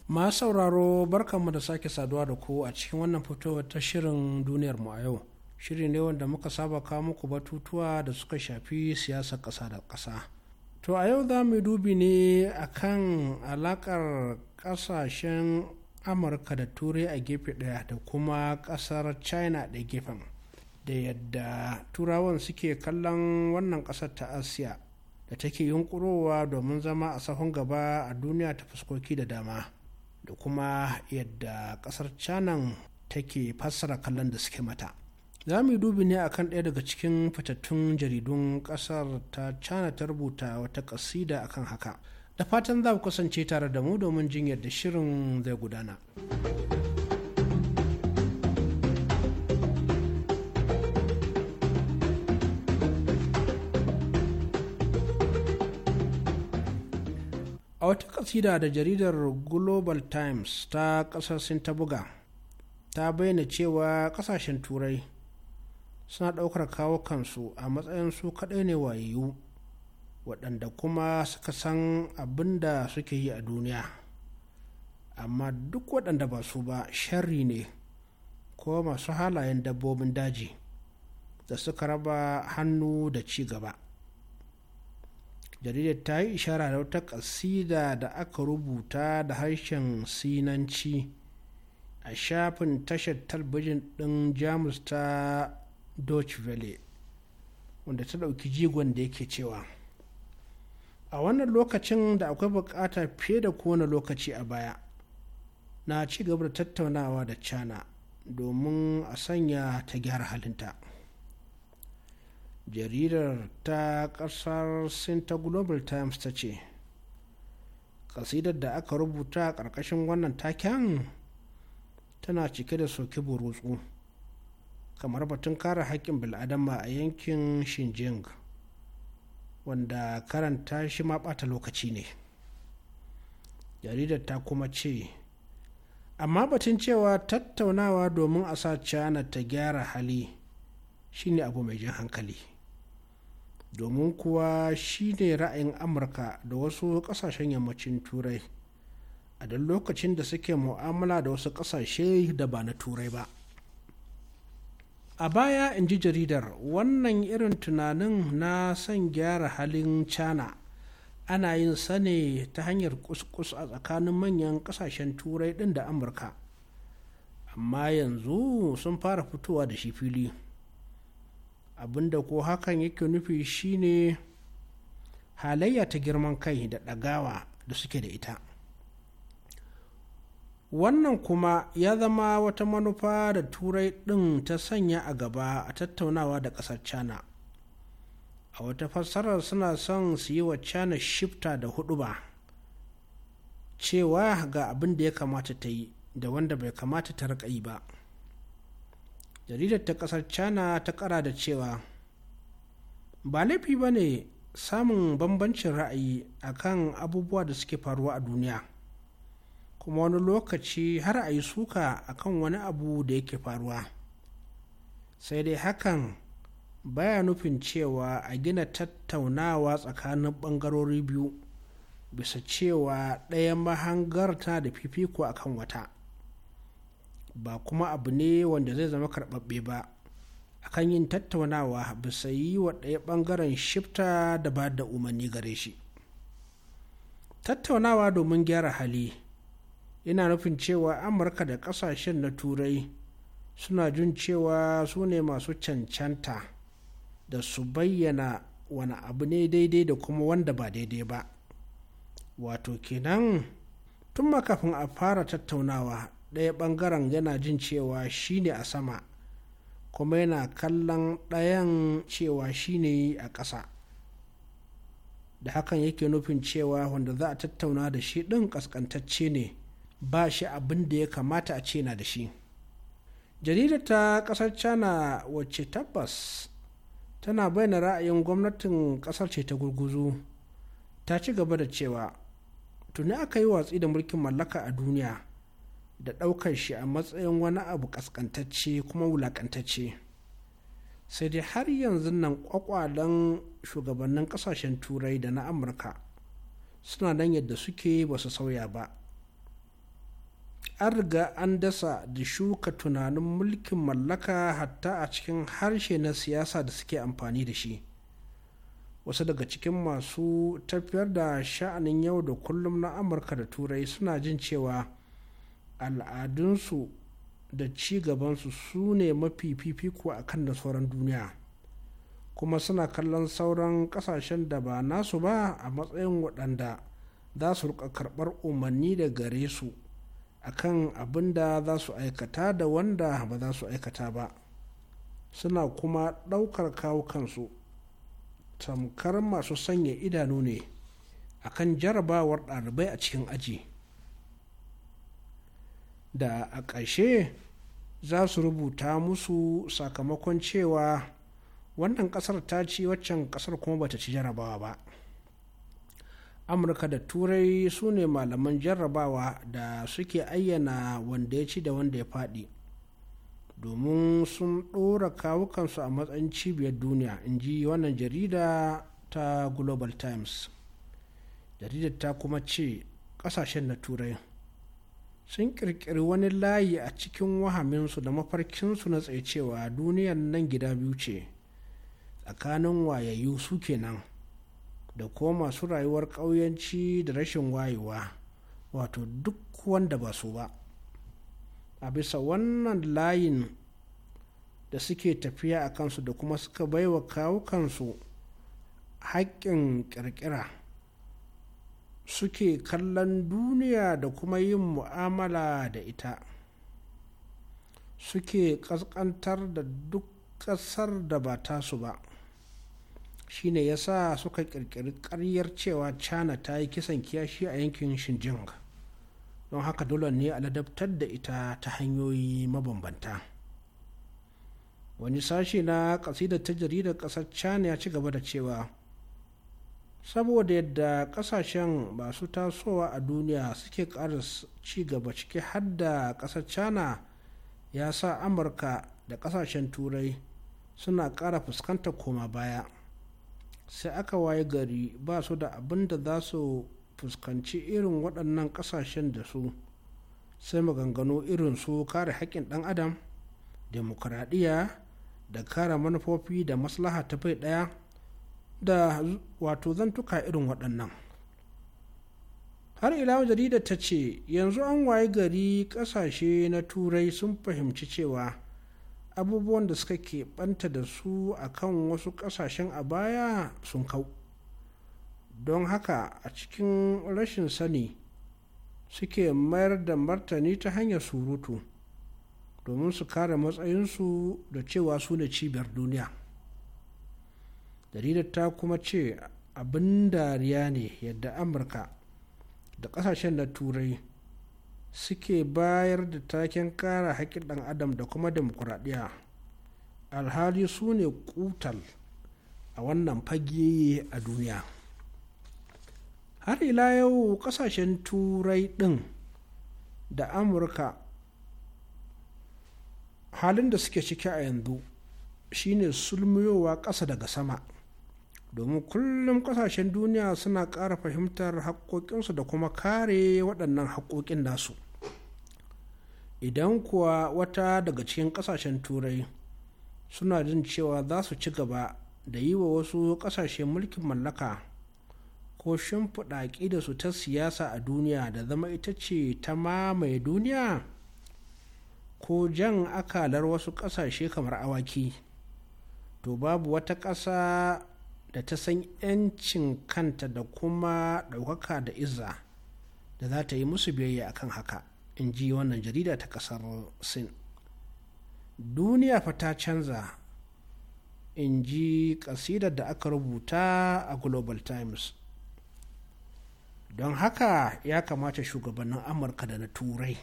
Ma sauraro mu da sake saduwa da ku a cikin wannan foto ta shirin duniyar mu a yau. Shiri ne wanda muka saba kawo muku batutuwa da suka shafi siyasar ƙasa da ƙasa. To a yau za mu dubi ne akan alaƙar ƙasashen Amurka da Turai a gefe ɗaya da kuma ƙasar China da gefen. da yadda turawan suke kallon wannan ƙasar ta asiya da take yunkurowa domin zama a sahun gaba a duniya ta fuskoki da dama da kuma yadda ƙasar canan take fassara kallon da suke mata za mu yi dubi ne akan ɗaya daga cikin fitattun jaridun ƙasar ta cana ta rubuta wata ƙasida akan haka da fatan za ku kasance tare da mu domin jin yadda shirin zai gudana. a wata kasida da jaridar global times ta kasar sin ta buga ta bayyana cewa kasashen turai suna daukar kawo kansu a matsayin su kaɗai ne wayayu waɗanda kuma suka san abin da suke yi a duniya amma duk waɗanda ba su ba shari ne ko masu halayen dabbobin daji da suka raba hannu da ci gaba jaridar ta yi ishara da wata kasida da aka rubuta da harshen sinanci a shafin tashar talbijin ɗin jamus ta deutsche welle wanda ta ɗauki jigon da yake cewa a wannan lokacin da akwai buƙata fiye da kowane lokaci a baya na ci gaba da tattaunawa da cana domin a sanya ta gyara halinta jaridar ta kasar sin ta global times ta ce kasidar da aka rubuta a ƙarƙashin wannan taken tana cike da soki burutsu kamar batun kare haƙƙin bil'adama a yankin Xinjiang wanda karanta shi ma ɓata lokaci ne jaridar ta kuma ce amma batun cewa tattaunawa domin a sa cana ta gyara hali shine abu mai jan hankali domin kuwa shi ne ra'ayin amurka da wasu kasashen yammacin turai a duk lokacin da suke mu'amala da wasu kasashe da ba na turai ba a baya in ji jaridar wannan irin tunanin na son gyara halin china ana yin sane ta hanyar kuskus a tsakanin manyan kasashen turai din da amurka amma yanzu sun fara fitowa da shi fili abinda ko hakan yake nufi shine halayya ta girman kai da ɗagawa da suke da ita wannan kuma ya zama wata manufa da turai ɗin ta sanya a gaba a tattaunawa da ƙasar china a wata fassarar suna son su yi wa china shifta da hudu ba cewa ga abin da ya kamata ta yi da wanda bai kamata ta rika yi ba jaridar ta kasar china ta kara da cewa ba laifi ba ne samun bambancin ra'ayi akan abubuwa da suke faruwa a duniya kuma wani lokaci har a yi suka akan wani abu da yake faruwa sai dai hakan baya nufin cewa a gina tattaunawa tsakanin bangarori biyu bisa cewa ɗayan mahangarta da fifiko akan wata ba kuma abu ne wanda zai zama karɓaɓɓe ba akan yin tattaunawa bisa yi wa ɗaya ɓangaren shifta da ba da umarni gare shi tattaunawa domin gyara hali yana nufin cewa amurka da ƙasashen na turai suna jin cewa su ne masu cancanta da su bayyana wani abu ne daidai da kuma wanda ba daidai ba wato kenan tun kafin a fara tattaunawa ɗaya ɓangaren yana jin cewa shi ne a sama kuma yana kallon ɗayan cewa shi ne a ƙasa da hakan yake nufin cewa wanda za a tattauna da shi ɗin ƙasƙantacce ne ba shi abin da ya kamata a ce na da shi jaridar ta ƙasar china wacce tabbas tana bayyana ra'ayin gwamnatin ƙasar ce ta gurguzu ta ci gaba da cewa tuni aka yi watsi da mulkin mallaka a duniya da ɗaukar shi a matsayin wani abu ƙasƙantacce kuma wulaƙantacce sai dai har yanzu nan ƙwaƙwalen shugabannin ƙasashen turai da na amurka suna nan yadda suke ba su sauya ba an riga an dasa da shuka tunanin mulkin mallaka hatta a cikin harshe na siyasa da suke amfani da shi wasu daga cikin masu tafiyar da sha'anin yau da kullum na amurka da turai suna jin cewa al'adunsu da ci gabansu su ne mafi fifiko a kan da sauran duniya kuma suna kallon sauran kasashen da ba nasu ba a matsayin waɗanda za su rika karɓar umarni da gare su a kan abin da za su aikata da wanda ba za su aikata ba suna kuma ɗaukar kawo kansu tamkar masu sanya idanu ne akan jarabawar ɗalibai a cikin aji. da a ƙarshe za su rubuta musu sakamakon cewa wannan ƙasar ta ci waccan ƙasar kuma bata ci jarabawa ba amurka da turai su ne malaman jarrabawa da suke ayyana wanda ya ci da wanda ya faɗi domin sun ɗora kawukansu a matsayin cibiyar duniya in ji wannan jarida ta global times jaridar ta kuma ce ƙasashen na turai sun kirkiri wani layi a cikin wahaminsu da mafarkinsu na tsaye cewa duniyar nan gida biyu ce tsakanin wayayyu su kenan da ko masu rayuwar ƙauyanci da rashin wayewa wato duk wanda ba su ba a bisa wannan layin da suke tafiya a kansu da kuma suka baiwa kawukansu haƙƙin ƙirƙira suke kallon duniya da kuma yin mu'amala da ita suke ƙasƙantar da duk ƙasar da ba tasu ba shine sa suka ƙirƙiri ƙaryar cewa china ta yi kisan kiyashi a yankin shinjing don haka dole ne a ladabtar da ita ta hanyoyi mabambanta wani sashi na ƙasidar ta jaridar ƙasar china ya ci gaba da cewa saboda yadda kasashen masu tasowa a duniya suke ƙara ci gaba ciki har da ƙasar china ya sa amurka da ƙasashen turai suna ƙara fuskantar koma baya sai aka waye gari ba su da abin da za su fuskanci irin waɗannan ƙasashen da su sai maganganu irin su kare haƙƙin ɗan adam demokuraɗiyya da kare manufofi da maslaha ta bai ɗaya da wato zan zantuka irin waɗannan har ila jarida ta ce yanzu an waye gari ƙasashe na turai sun fahimci cewa abubuwan da suka keɓanta da su a kan wasu ƙasashen a baya sun kau don haka a cikin rashin sani suke mayar da martani ta hanyar surutu domin su kare matsayinsu da cewa su ne cibiyar duniya jaridar ta kuma ce abin dariya ne yadda amurka da kasashen na turai suke bayar da taken kara haƙƙin ɗan adam da kuma demokuraɗiyya alhali su ne kutal a wannan fage a duniya har ila yau kasashen turai ɗin da amurka halin da suke ciki a yanzu shine sulmiyowa ƙasa daga sama domin kullum kasashen duniya suna ƙara fahimtar haƙoƙinsu da kuma kare waɗannan haƙoƙin nasu idan kuwa wata daga cikin ƙasashen turai suna jin cewa za su ci gaba da yi wa wasu ƙasashe mulkin mallaka ko shimfiɗa da su ta siyasa a duniya da zama ita ce ta mamaye duniya ko jan akalar wasu ƙasashe kamar awaki to babu wata ƙasa da ta san 'yancin kanta da kuma ɗaukaka da izza da za ta yi musu biyayya a kan haka in ji wannan jarida ta ƙasar sin duniya fa ta canza in ji ƙasidar da aka rubuta a global times don haka ya kamata shugabannin amurka da na turai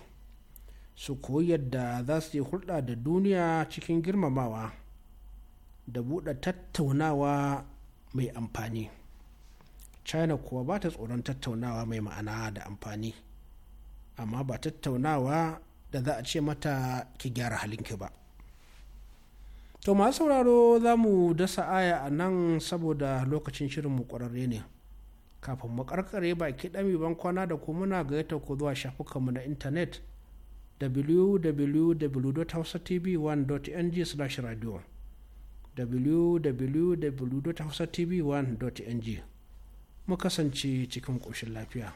su koyi yadda za su yi hulɗa da duniya cikin girmamawa da buɗe tattaunawa mai amfani china kuwa ba ta tsoron tattaunawa mai ma'ana da amfani amma ba tattaunawa da za a ce mata ki gyara halinki ba to masu sauraro za mu dasa aya a nan saboda lokacin shirin mu ƙwararre ne kafin mu karkare baki ɗami ban kwana da kuma muna gayyata ku zuwa shafukanmu na intanet www.hausatv1.ng/radio www.hausatv1.ng mu kasance cikin ƙoshin lafiya.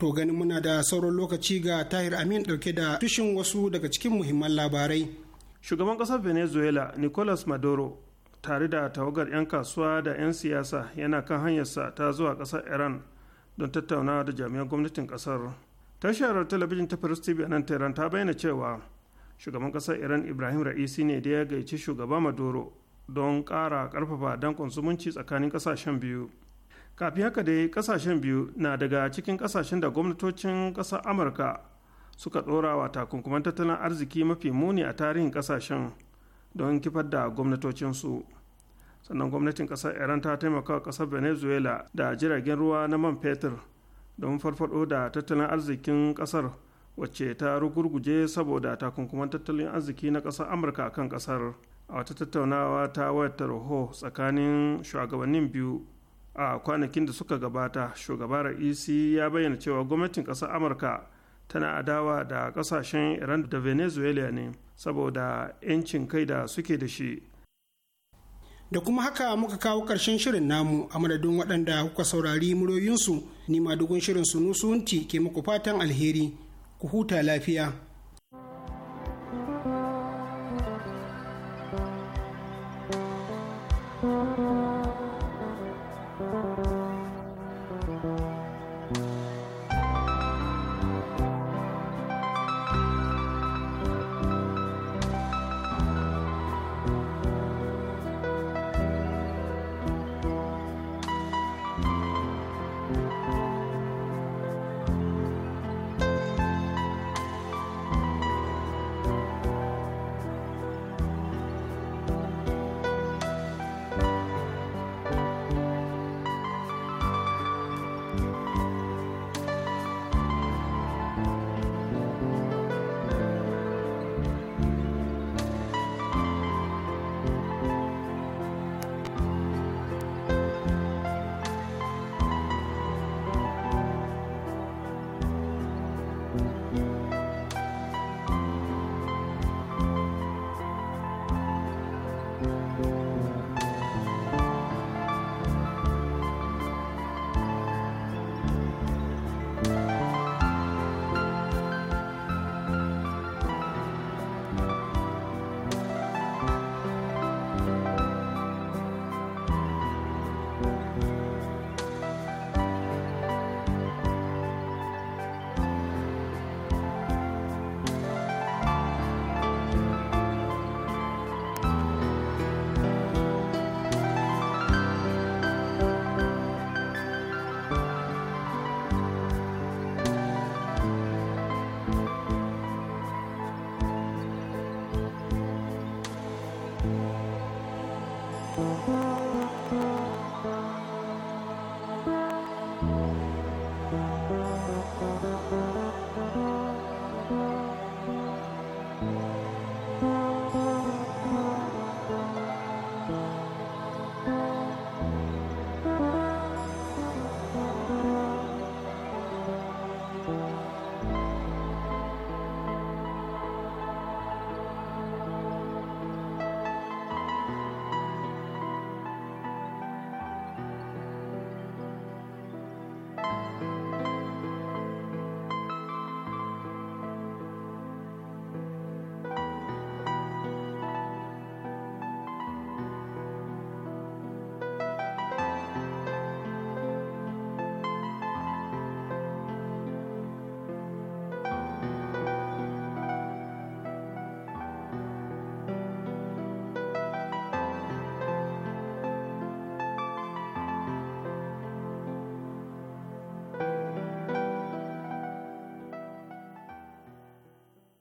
To ganin muna da sauran lokaci ga Tahir Amin ɗauke da tushen wasu daga cikin muhimman labarai. Shugaban ƙasar Venezuela Nicolas Maduro tare da tawagar 'yan kasuwa da 'yan siyasa yana kan hanyarsa ta zuwa ƙasar iran don tattaunawa da jami'an gwamnatin ƙasar tashar talabijin ta first tv a nan tehran ta bayyana cewa shugaban ƙasar iran ibrahim ra'isi ne da ya gaici shugaba maduro don ƙara ƙarfafa dankon zumunci tsakanin ƙasashen biyu kafin haka dai ƙasashen biyu na daga cikin ƙasashen da gwamnatocin ƙasar amurka suka ɗora wa takunkuman tattalin arziki mafi muni a tarihin ƙasashen don kifar da gwamnatocinsu sannan gwamnatin ƙasar iran ta taimaka ƙasar venezuela da jiragen ruwa na man fetur don farfado da tattalin arzikin ƙasar wacce ta rugurguje saboda takunkuman tattalin arziki na ƙasar amurka kan ƙasar a wata tattaunawa ta wayar roho tsakanin shugabannin biyu a kwanakin da suka gabata shugaba ra'isi ya bayyana cewa gwamnatin ƙasar amurka tana adawa da ƙasashen iran da venezuela ne saboda 'yancin kai da suke da shi da kuma haka muka kawo ƙarshen shirin namu a madadin waɗanda kuka saurari muryoyinsu ni madugun shirin su sunusunti ke muku fatan alheri ku huta lafiya